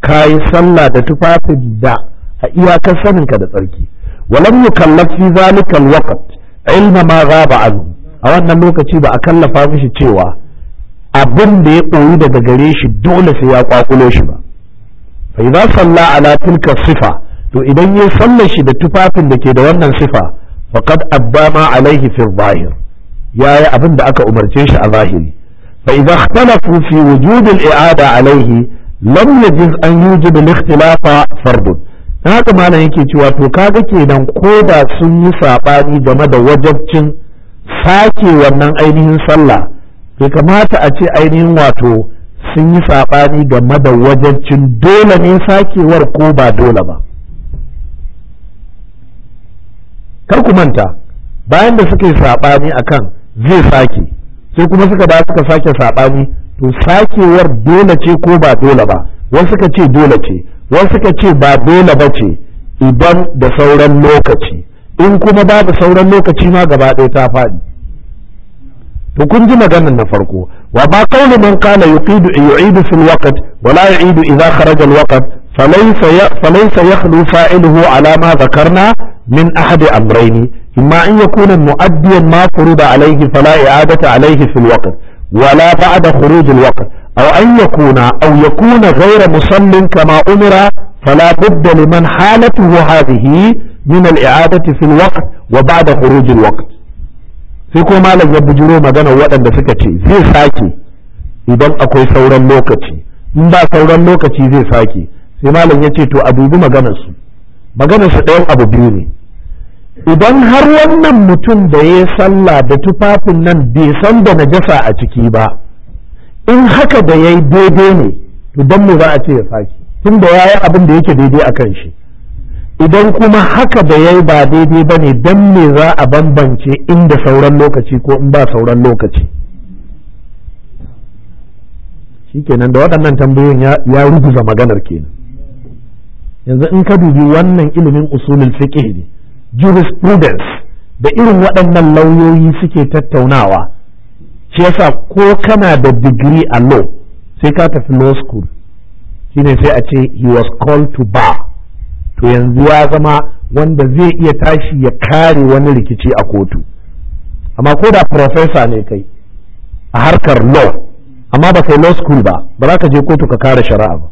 kayi sallah da tufafin da a iyakar saninka da tsarki walam yukallaf fi zalikal waqt ilma ma ghaba anhu a wannan lokaci ba a kallafa mishi cewa abin da ya koyi daga gare shi dole sai ya kwakulo shi ba fa idza salla ala tilka sifa to idan ya sallar shi da tufafin da ke da wannan sifa faqad abba ma alaihi fi zahir yi abin da aka umarce shi a zahiri fa idza ikhtalafu fi wujud al-i'ada alayhi lam yajiz an yujib al-ikhtilafa fardun dan haka malam yake cewa to kaga kenan ko da sun yi sabani game da wajabcin sake wannan ainihin sallah to kamata a ce ainihin wato sun yi sabani game da wajabcin dole ne sakewar ko ba dole ba kar ku manta bayan da suka yi saɓani a kan zai sake sai kuma suka ba suka sake saɓani to sakewar dole ce ko ba dole ba wasu ka ce dole ce wasu ka ce ba dole ba ce idan da sauran lokaci in kuma babu sauran lokaci ma gaba ɗaya ta faɗi to kun ji maganar na farko wa ba kauli man kana yuqidu yu'idu fil waqt wa la yu'idu idha kharaja al waqt falaysa falaysa yakhlu fa'iluhu ala ma dhakarna min ahadi amraini imma an yakuna mu'addiyan ma furuda alayhi fala i'adata alayhi fil waqt wala ba'da khuruj al waqt aw an yakuna aw yakuna ghayra musallin kama umira fala budda liman halatuhu hadhihi min al i'adati fil waqt wa ba'da khuruj al waqt sai ko malam ya bujuro magana waɗanda suka ce zai sake idan akwai sauran lokaci in ba sauran lokaci zai sake sai malam ya ce to a dubi maganar su maganar ɗayan abu biyu ne idan har wannan mutum da ya sallah da tufafin nan bai san da najasa a ciki ba in haka da ya yi daidai ne to don mu za a ce ya saki tun da ya yi abin da yake daidai a kan shi idan kuma haka da ya yi ba daidai ba ne don me za a bambance inda sauran lokaci ko in ba sauran lokaci shikenan da waɗannan tambayoyin ya ruguza maganar kenan yanzu in ka dubi wannan ilimin usulul fiqh ne jurisprudence da irin waɗannan lauyoyi suke tattaunawa shi yasa ko kana da digiri a law sai ka tafi law school shine sai a ce he was called to bar to yanzu ya zama wanda zai iya tashi ya kare wani rikici a kotu amma ko da profesa ne kai a harkar law amma ba kai law school ba ba za ka je kotu ka kare shari'a ba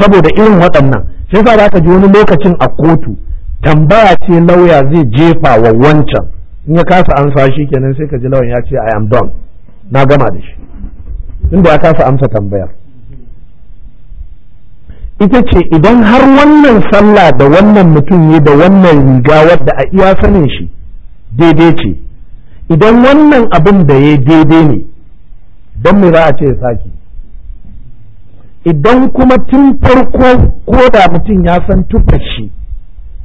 saboda irin waɗannan shi yasa za ka ji wani lokacin a kotu tambaya ce lauya zai jefa wa wancan in ya kasa amsa shi kenan sai ka ji lawan ya ce i am done na gama da shi inda ya kasa amsa tambayar ita ce idan har wannan sallah da wannan mutum ya da wannan riga wadda a iya sanin shi daidai ce idan wannan abin da ya daidai ne don me za a ce ya sake idan kuma tun farko ko da mutum ya san tufashi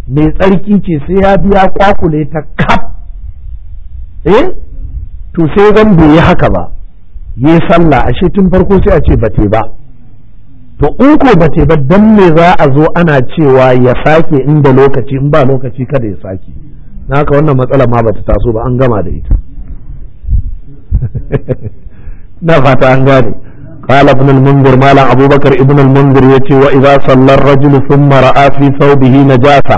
mai tsarki ce sai ya biya kwakule ta kaf eh to sai zan bai yi haka ba yi sallah ashe tun farko sai a ce bate ba to in ko bate ba dan me za a zo ana cewa ya sake inda lokaci in ba lokaci kada ya sake na haka wannan matsala ma bata taso ba an gama da ita na fata an gane قال ابن المنذر مال ya ce wa المنذر sallar واذا sun الرجل ثم راى في ثوبه نجاسه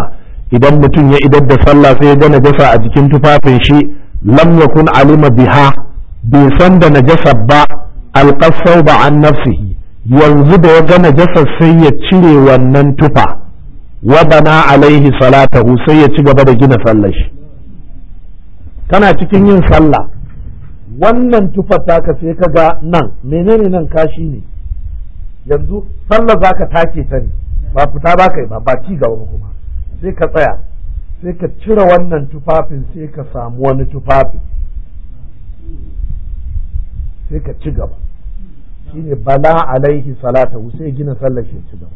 idan mutum ya idar da sallah sai ya ga najasa a jikin tufafin shi lam yakun alima biha bai san da najasa ba alqasau ba an nafsihi yanzu da ya ga najasa sai ya cire wannan tufa wa bana alaihi salatahu sai ya ci gaba da gina sallar tana cikin yin sallah wannan tufar taka sai ka ga nan menene nan kashi ne yanzu sallar za ka take ta ne ba fita ba yi ba ba ci gaba ba kuma sai ka tsaya sai ka cire wannan tufafin sai ka samu wani tufafin sai ka ci gaba ne bala alaihi salatu sai gina sallar shi ci gaba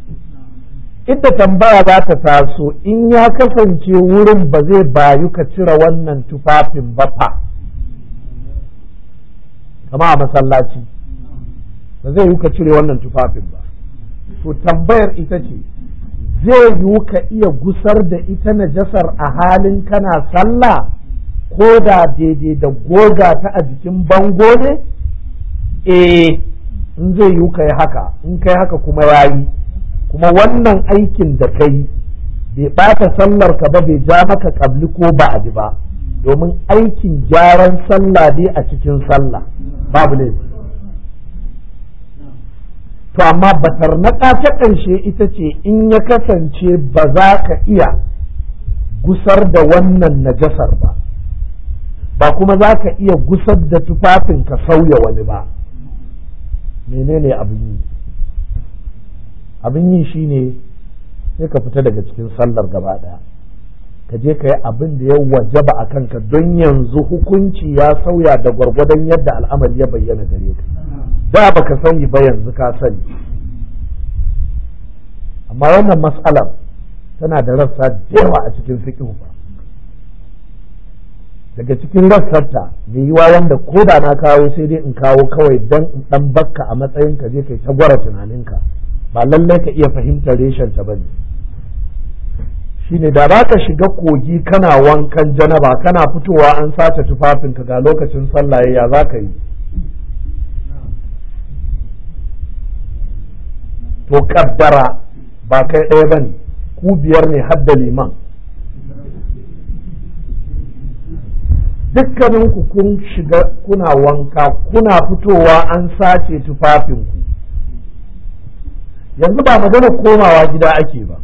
inda tambaya za ta taso in ya kasance wurin ba zai bayu ka cire wannan tufafin ba fa kama a masallaci ba zai yi ka cire wannan tufafin ba to tambayar ita ce zai yi ka iya gusar da ita najasar a halin kana sallah ko da daidai da goga ta a jikin bango ne e in zai yi ka yi haka in kai haka kuma yayi kuma wannan aikin da ka yi bai ɓata sallar ka ba bai ja maka kabli ko ba'adi ba domin aikin gyaran sallah dai a cikin sallah babu ne to amma batar na ta ƙarshe ita ce in ya kasance ba za ka iya gusar da wannan najasar ba ba kuma za ka iya gusar da tufafin ka sauya wani ba menene abin yi abin yi shine sai ka fita daga cikin sallar gaba ɗaya ka je ka yi abin da ya wajaba a kanka don yanzu hukunci ya sauya da gwargwadon yadda al'amari ya bayyana gare ka da ka sani ba yanzu ka sani amma wannan matsalar tana da rassa da yawa a cikin fiqh ba daga cikin rassarta da yiwa wanda ko da na kawo sai dai in kawo kawai dan in dan bakka a matsayin ka je kai ta gwara tunaninka ba lallai ka iya fahimtar reshen ta ne. shine da ba ka shiga kogi kana wankan janaba kana fitowa an sace tufafinka ga lokacin sallah ya za ka yi to kaddara ba kai ɗaya ba ne ku biyar ne hadda liman dukkaninku kun shiga kuna wanka kuna fitowa an sace tufafinku yanzu ba magana komawa gida ake ba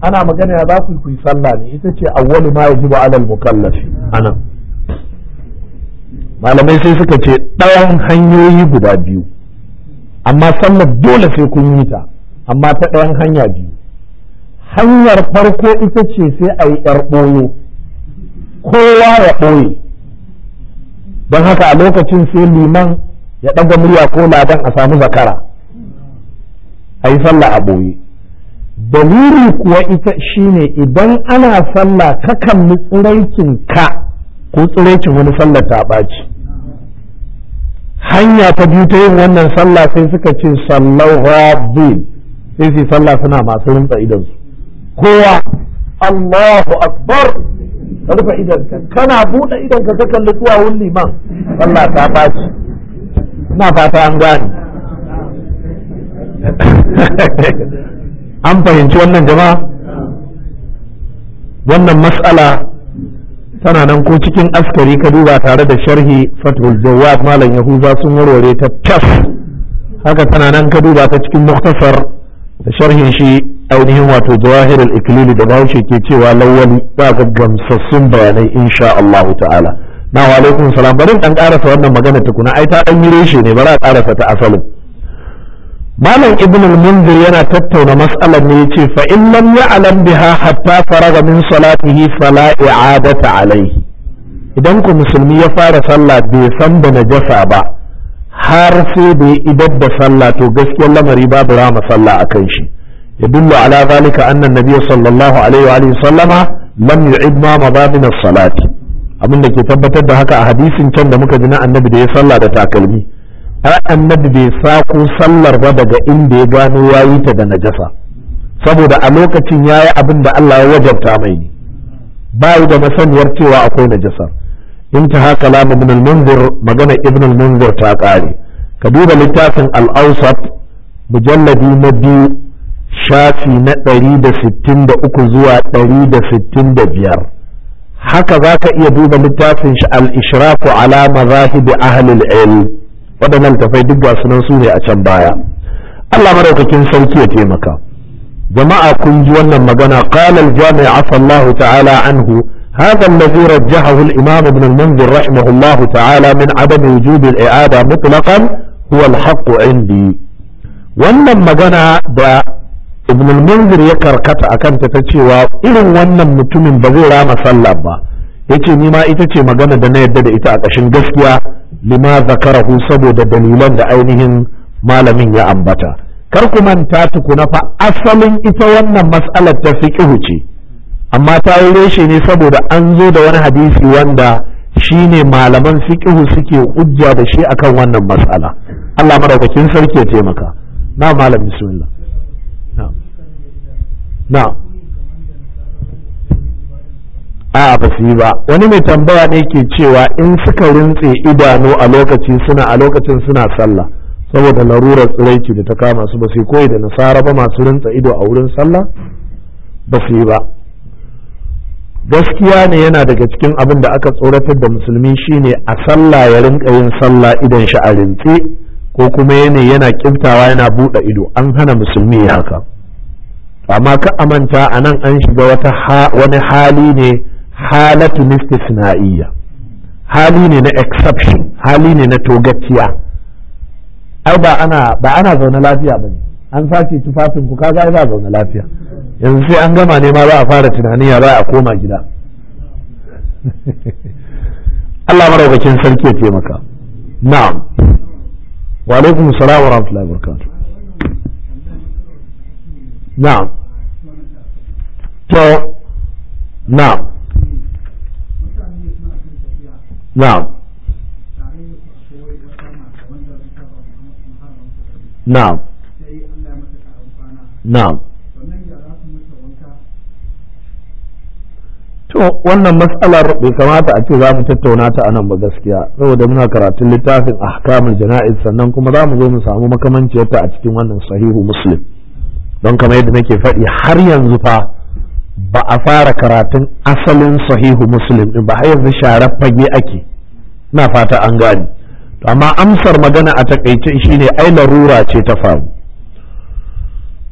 ana magana ya za ku yi sallah ne ita ce awwalu ma yajibu alal mukallafi anan malamai sai suka ce ɗayan hanyoyi guda biyu amma sallar dole sai kun yi ta amma ta ɗayan hanya biyu hanyar farko ita ce sai a yi ƴar ɓoyo kowa ya ɓoye don haka a lokacin sai liman ya ɗaga murya ko ladan a samu zakara a yi sallah a ɓoye dalili kuwa ita shine idan ana sallah kakan kalli tsiraicin ka ko tsiraicin wani sallah ta ɓaci hanya ta biyu ta yin wannan sallah sai suka ce sallau rabin sai su sallah suna masu rinsa idan su kowa Allahu akbar ka rufe idanka kana buɗe idanka ka kalli duwawun liman sallah ta ɓaci ina fata an gane an fahimci wannan jama'a wannan mas'ala tana nan ko cikin askari ka duba tare da sharhi fatul jawab malam yahuza sun warware ta tas haka tana nan ka duba ta cikin muktasar da sharhin shi ainihin wato jawahirul iklili da bahaushe ke cewa lawali ba ga gamsassun bayanai insha Allah ta'ala na wa alaikum salam bari dan karasa wannan magana tukuna ai ta dan yi reshe ne bari a karasa ta asalin malam ibn al-munzir yana tattauna mas'alar ne yace fa in ya ya'lam biha hatta faraga min salatihi fala i'adata alayhi idan ku musulmi ya fara sallah bai san da najasa ba har sai da ya idar da sallah to gaskiyar lamari babu rama a akan shi ya yadullu ala zalika anna nabiyyu sallallahu alaihi wa alihi sallama lam yu'id ma mabadin abin da ke tabbatar da haka a hadisin can da muka ji na annabi da ya sallah da takalmi waɗannan bai sako sallar ba daga inda ya gano wayi ta da najasa saboda a lokacin ya yi abin da Allah ya wajabta mai ne ba yi da masaniyar cewa akwai najasa in ta haka lamu magana ibn munzir ta kare ka duba littafin al-awsat mujalladi na biyu shafi na uku zuwa ɗari da da sittin biyar haka zaka iya duba littafin shi al-ishraqu ala mazahib ahli al-ilm waɗannan tafai duk ga sunan su ne a can baya Allah maraukakin sauki ya taimaka jama'a kun ji wannan magana qala al-jami' afallahu ta'ala anhu هذا الذي رجحه الإمام ابن المنذر ta'ala min تعالى من عدم وجوب الإعادة مطلقا هو الحق عندي wannan magana da ibn al-munzir ya karkata a kanta ta cewa irin wannan mutumin ba zai rama sallah ba yace ni ma ita ce magana da na yadda da ita a ƙashin gaskiya lima zakarahu saboda dalilan da ainihin malamin ya ambata kar ku manta tukuna fa asalin ita wannan mas'alar ta fiqhu ce amma ta yi reshe ne saboda an zo da wani hadisi wanda shine malaman fiqhu suke hujja da shi akan wannan mas'ala Allah madaukakin sarki ya taimaka na malam bismillah na a'a ba su yi ba wani mai tambaya ne ke cewa in suka rintse idanu a lokaci suna a lokacin suna sallah saboda larurar tsiraici da ta kama su ba su koyi da nasara ba masu rintsa ido a wurin sallah ba su yi ba gaskiya ne yana daga cikin abin da aka tsoratar da musulmi shine a sallah ya rinka yin sallah idan shi a rintse ko kuma yana yana kiftawa yana buɗe ido an hana musulmi haka amma ka amanta a nan an shiga wata wani hali ne halatu istisna'iyya hali ne na exception hali ne na togaciya. ai ba ana ba ana zaune lafiya bane an sace tufafin ku kaga ai ba zaune lafiya yanzu sai an gama ne ma za a fara tunani ya za a koma gida Allah maraukakin sarki ya maka. na'am wa alaikum salam wa rahmatullahi wa barakatuh na'am to na'am نعم نعم نعم to wannan matsalar bai kamata a ce za mu tattauna ta anan ba gaskiya saboda muna karatun littafin ahkamul jana'iz sannan kuma za mu zo mu samu makamanciyarta a cikin wannan sahihu muslim don kamar yadda nake faɗi har yanzu fa ba a fara karatun asalin sahihu muslim ɗin ba har yanzu share fage ake na fata an gane amma amsar magana a takaice shine ai larura ce ta faru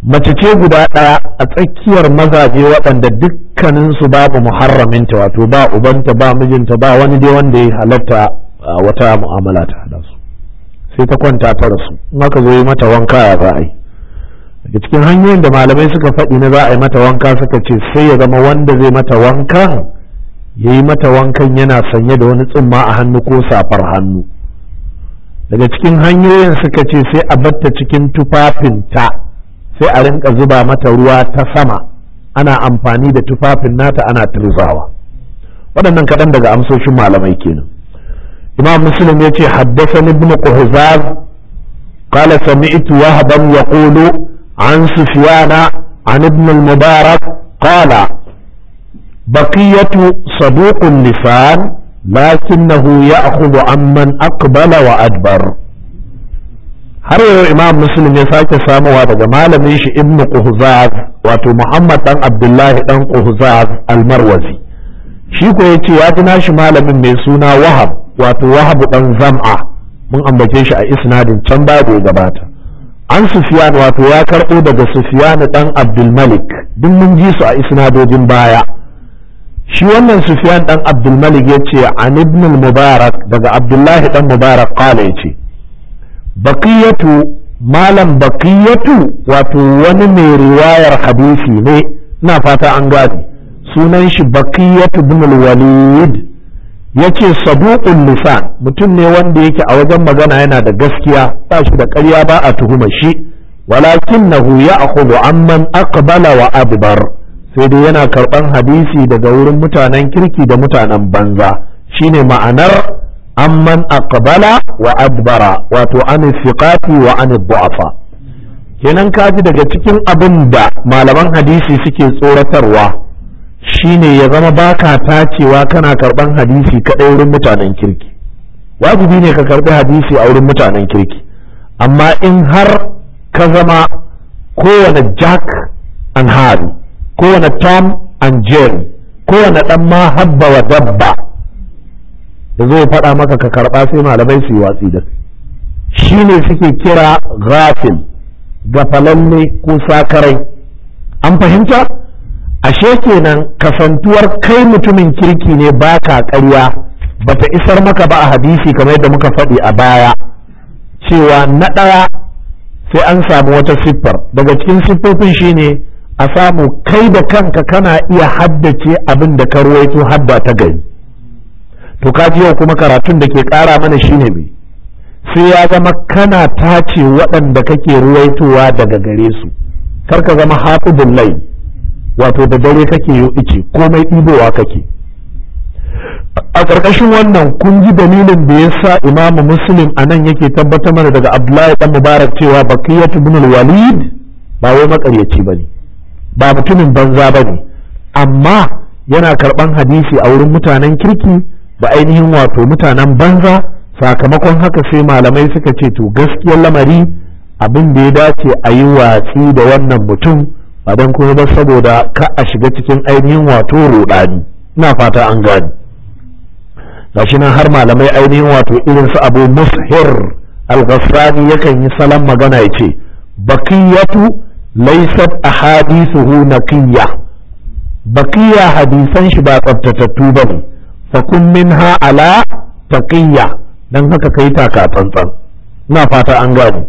mace ce guda ɗaya a tsakiyar mazaje waɗanda dukkaninsu babu muharraminta wato ba ubanta ba mijinta ba wani dai wanda ya halatta wata mu'amala ta hada su sai ta kwanta ta rasu in aka zo yi mata wanka ya za a daga cikin hanyoyin da malamai suka faɗi na za a yi mata wanka suka ce sai ya zama wanda zai mata wankan ya yi mata wankan yana sanye da wani tsumma a hannu ko safar hannu daga cikin hanyoyin suka ce sai a batta cikin tufafinta sai a rinka zuba mata ruwa ta sama ana amfani da tufafin nata ana turzawa waɗannan kaɗan daga amsoshin malamai kenan imam muslim ya ce haddasa ibn quhzaz qala sami'tu ya yaqulu عن سفيان عن ابن المبارك قال بقية صدوق اللسان لكنه يأخذ عمن أقبل وأدبر har yau imam muslim ya sake samuwa daga malamin shi ibn quhzaz wato muhammad dan abdullahi dan quhzaz almarwazi shi ko ce ya ji nashi malamin mai suna wahab wato wahab dan zam'a mun ambace shi a isnadin can ya gabata an sufiyan wato ya karɓo daga sufiyan ɗan abdulmalik duk mun ji su a isnadojin baya shi wannan sufiyan ɗan abdulmalik ya ce an ibn mubarak daga abdullahi ɗan mubarak kala ya ce baƙiyatu malam baƙiyatu wato wani mai riwayar hadisi ne na fata an gadi sunan shi baƙiyatu bin walid yace sabuƙun lisan mutum ne wanda yake a wajen magana yana da gaskiya ba shi da ƙarya ba a tuhuma shi walakin na a kudu amman aqbala wa adbar sai dai yana karɓan hadisi daga wurin mutanen kirki da mutanen banza shine ma'anar amman aqbala wa adbara wato an wa an du'afa kenan kaji daga cikin abin da malaman hadisi suke tsoratarwa shine ya zama baka cewa kana karban hadisi kadai wurin mutanen kirki wajibi ne ka karɓi hadisi a wurin mutanen kirki amma in har ka zama kowane jack and harry kowane tom and jerry kowane ɗan ma habba wa dabba da zai faɗa maka ka karɓa sai malamai su yi watsi da shi ne suke kira gafil falalle ko sakarai an fahimta ashe kenan kasantuwar kai mutumin kirki ne ba ka ƙarya ba ta isar maka ba a hadisi kamar yadda muka faɗi a baya cewa na ɗaya sai an samu wata siffar daga cikin siffofin shine a samu kai da kanka kana iya haddace abin da ka ruwaito hadda ta gari to kaji yau kuma karatun da ke ƙara mana shine bi sai ya zama kana tace waɗanda kake ruwaitowa daga gare su kar ka zama da lai wato da dare kake yo ice komai ɗibowa kake a ƙarƙashin wannan kun ji dalilin da ya sa imamu muslim a nan yake tabbatar mana daga abdullahi ɗan mubarak cewa bakiyatu ibn walid ba wai makaryaci ba ne ba mutumin banza ba ne amma yana karɓan hadisi a wurin mutanen kirki ba ainihin wato mutanen banza sakamakon haka sai malamai suka ce to gaskiyar lamari abin da ya dace a yi watsi da wannan mutum ba don kuma ba saboda ka a shiga cikin ainihin wato rudani ina fata an gani gashi nan har malamai ainihin wato irin su abu mushir al yakan yi salon magana ya ce bakiyatu laysat ahadithuhu naqiyya bakiyya hadisan shi ba tsaftatattu ba ne fa kun minha ala taqiyya dan haka kai taka tsantsan ina fata an gani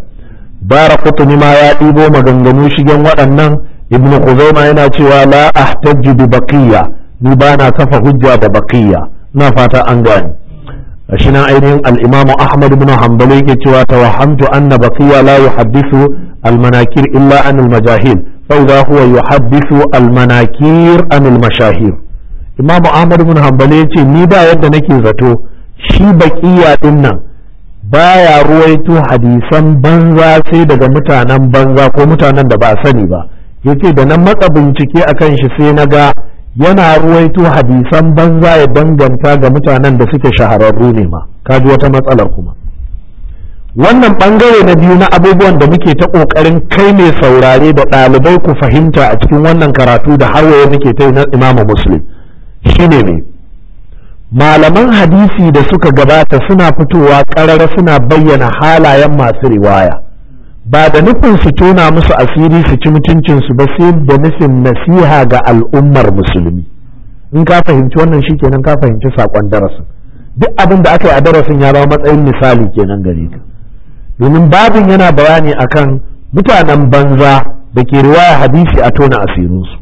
bara ni ma ya ɗibo maganganu shigen waɗannan ibnu khuzaima yana cewa la ahtajju bi baqiya ni ba na kafa hujja da baqiya na fata an gani. shi nan ainihin al-imam ahmad ibn hanbal yake cewa tawahhamtu anna baqiya la yuhaddithu al-manakir illa an al-majahil فإذا هو يحدث المناكير عن المشاهير imamu ahmad bin hanbali yace ce ni ba yadda nake zato shi baƙiya din nan baya ruwaito hadisan banza sai daga mutanen banza ko mutanen da ba sani ba yace da nan matsa bincike a kan shi sai na ga yana ruwaito hadisan banza ya danganta ga mutanen da suke shahararru ne ma kaji wata matsalar kuma wannan bangare na biyu na abubuwan da muke ta kokarin kai mai saurare da ɗalibai ku fahimta a cikin wannan karatu da har waya muke ta na imamu muslim shine ne malaman hadisi da suka gabata suna fitowa ƙarara suna bayyana halayen masu riwaya ba da nufin su tona musu asiri su ci mutuncinsu ba sai da nufin nasiha ga al'ummar musulmi in ka fahimci wannan shi kenan ka fahimci sakon darasin duk abin da aka yi a darasin ya zama matsayin misali kenan gare ka domin babin yana bayani akan mutanen banza da ke riwaya hadisi a tona asirinsu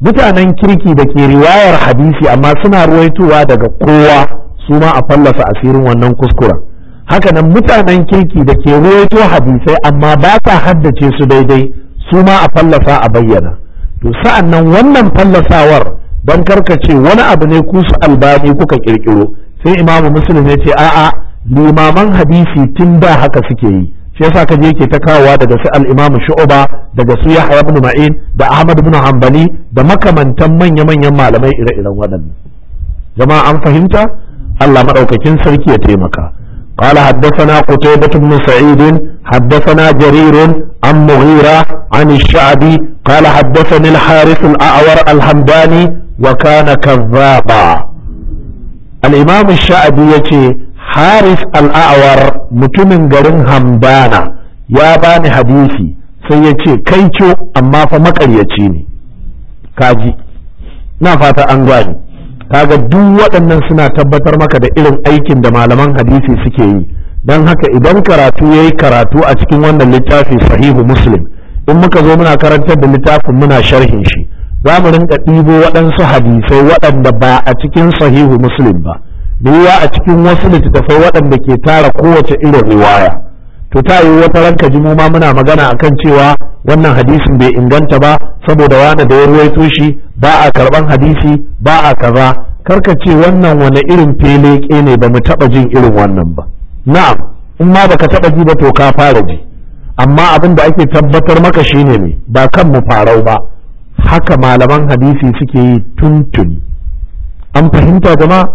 mutanen kirki da ke riwayar hadisi amma suna ruwaitowa daga kowa su ma a fallasa asirin wannan kuskuren hakanan mutanen kirki da ke ruwaito hadisai amma ba sa haddace su daidai su ma a fallasa a bayyana to sa'an nan wannan fallasawar don karkace wani abu ne ku su albani kuka kirkiro sai imamu muslim ya ce a'a limaman hadisi tun da haka suke yi shi yasa je yake ta kawowa daga su al shu'uba Shu'ba daga su Yahya ibn Ma'in da Ahmad ibn Hanbali da makamantan manya-manyan malamai ire-iren waɗannan jama'a an fahimta Allah madaukakin sarki ya taimaka قال حدثنا قتيبة بن سعيد حدثنا جرير عن مغيرة عن الشعبي قال حدثني الحارث الأعور الحمداني وكان كذابا الإمام الشعبي يتي حارث الأعور متمن garin همدانا ya bani hadisi sai ya ce kai ce amma fa makaryaci ne kaji na fata an gani kaga duk waɗannan suna tabbatar maka da irin aikin da malaman hadisi suke yi don haka idan karatu ya yi karatu a cikin wannan littafi sahihu muslim in muka zo muna karantar da littafin muna sharhin shi za mu rinka ɗibo waɗansu hadisai waɗanda ba a cikin sahihu muslim ba ruwa a cikin wasu littattafai waɗanda ke tara kowace irin riwaya to ta yi wata ranka ji mu ma muna magana akan cewa wannan hadisin bai inganta ba saboda wani da ya ruwaito shi ba a karban hadisi ba a kaza karka ce wannan wani irin feleke ne ba mu taba jin irin wannan ba na'am in ma baka taba ji ba to ka fara ji amma abin da ake tabbatar maka shine ne ba kan mu farau ba haka malaman hadisi suke yi tuntuni an fahimta jama'a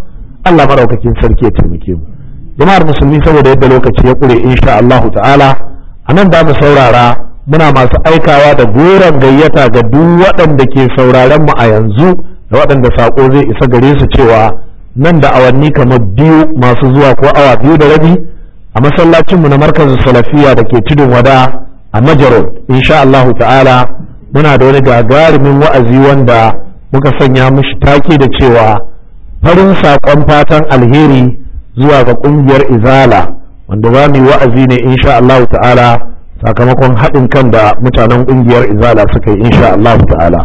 Allah maraukakin sarki ya taimake mu jama'ar musulmi saboda yadda lokaci ya kure insha Allahu ta'ala anan da mu saurara muna masu aikawa da goron gayyata ga duk waɗanda ke sauraron mu a yanzu da waɗanda saƙo zai isa gare su cewa nan da awanni kamar biyu masu zuwa ko awa biyu da rabi a masallacin mu na markazu salafiya da ke tudun wada a majaro insha Allahu ta'ala muna da wani gagarumin wa'azi wanda muka sanya mishi take da cewa farin saƙon fatan alheri zuwa ga ƙungiyar izala wanda za mu yi wa'azi ne insha Allahu ta'ala sakamakon haɗin kan da mutanen ƙungiyar izala suka yi insha Allah ta'ala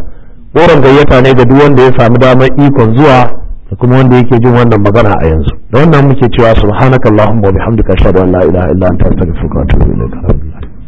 goron gayyata ne ga duk wanda ya sami damar ikon zuwa da kuma wanda yake jin wannan magana a yanzu da wannan muke cewa subhanakallahumma wa bihamdika ashhadu an la ilaha illa anta astaghfiruka wa atubu ilaik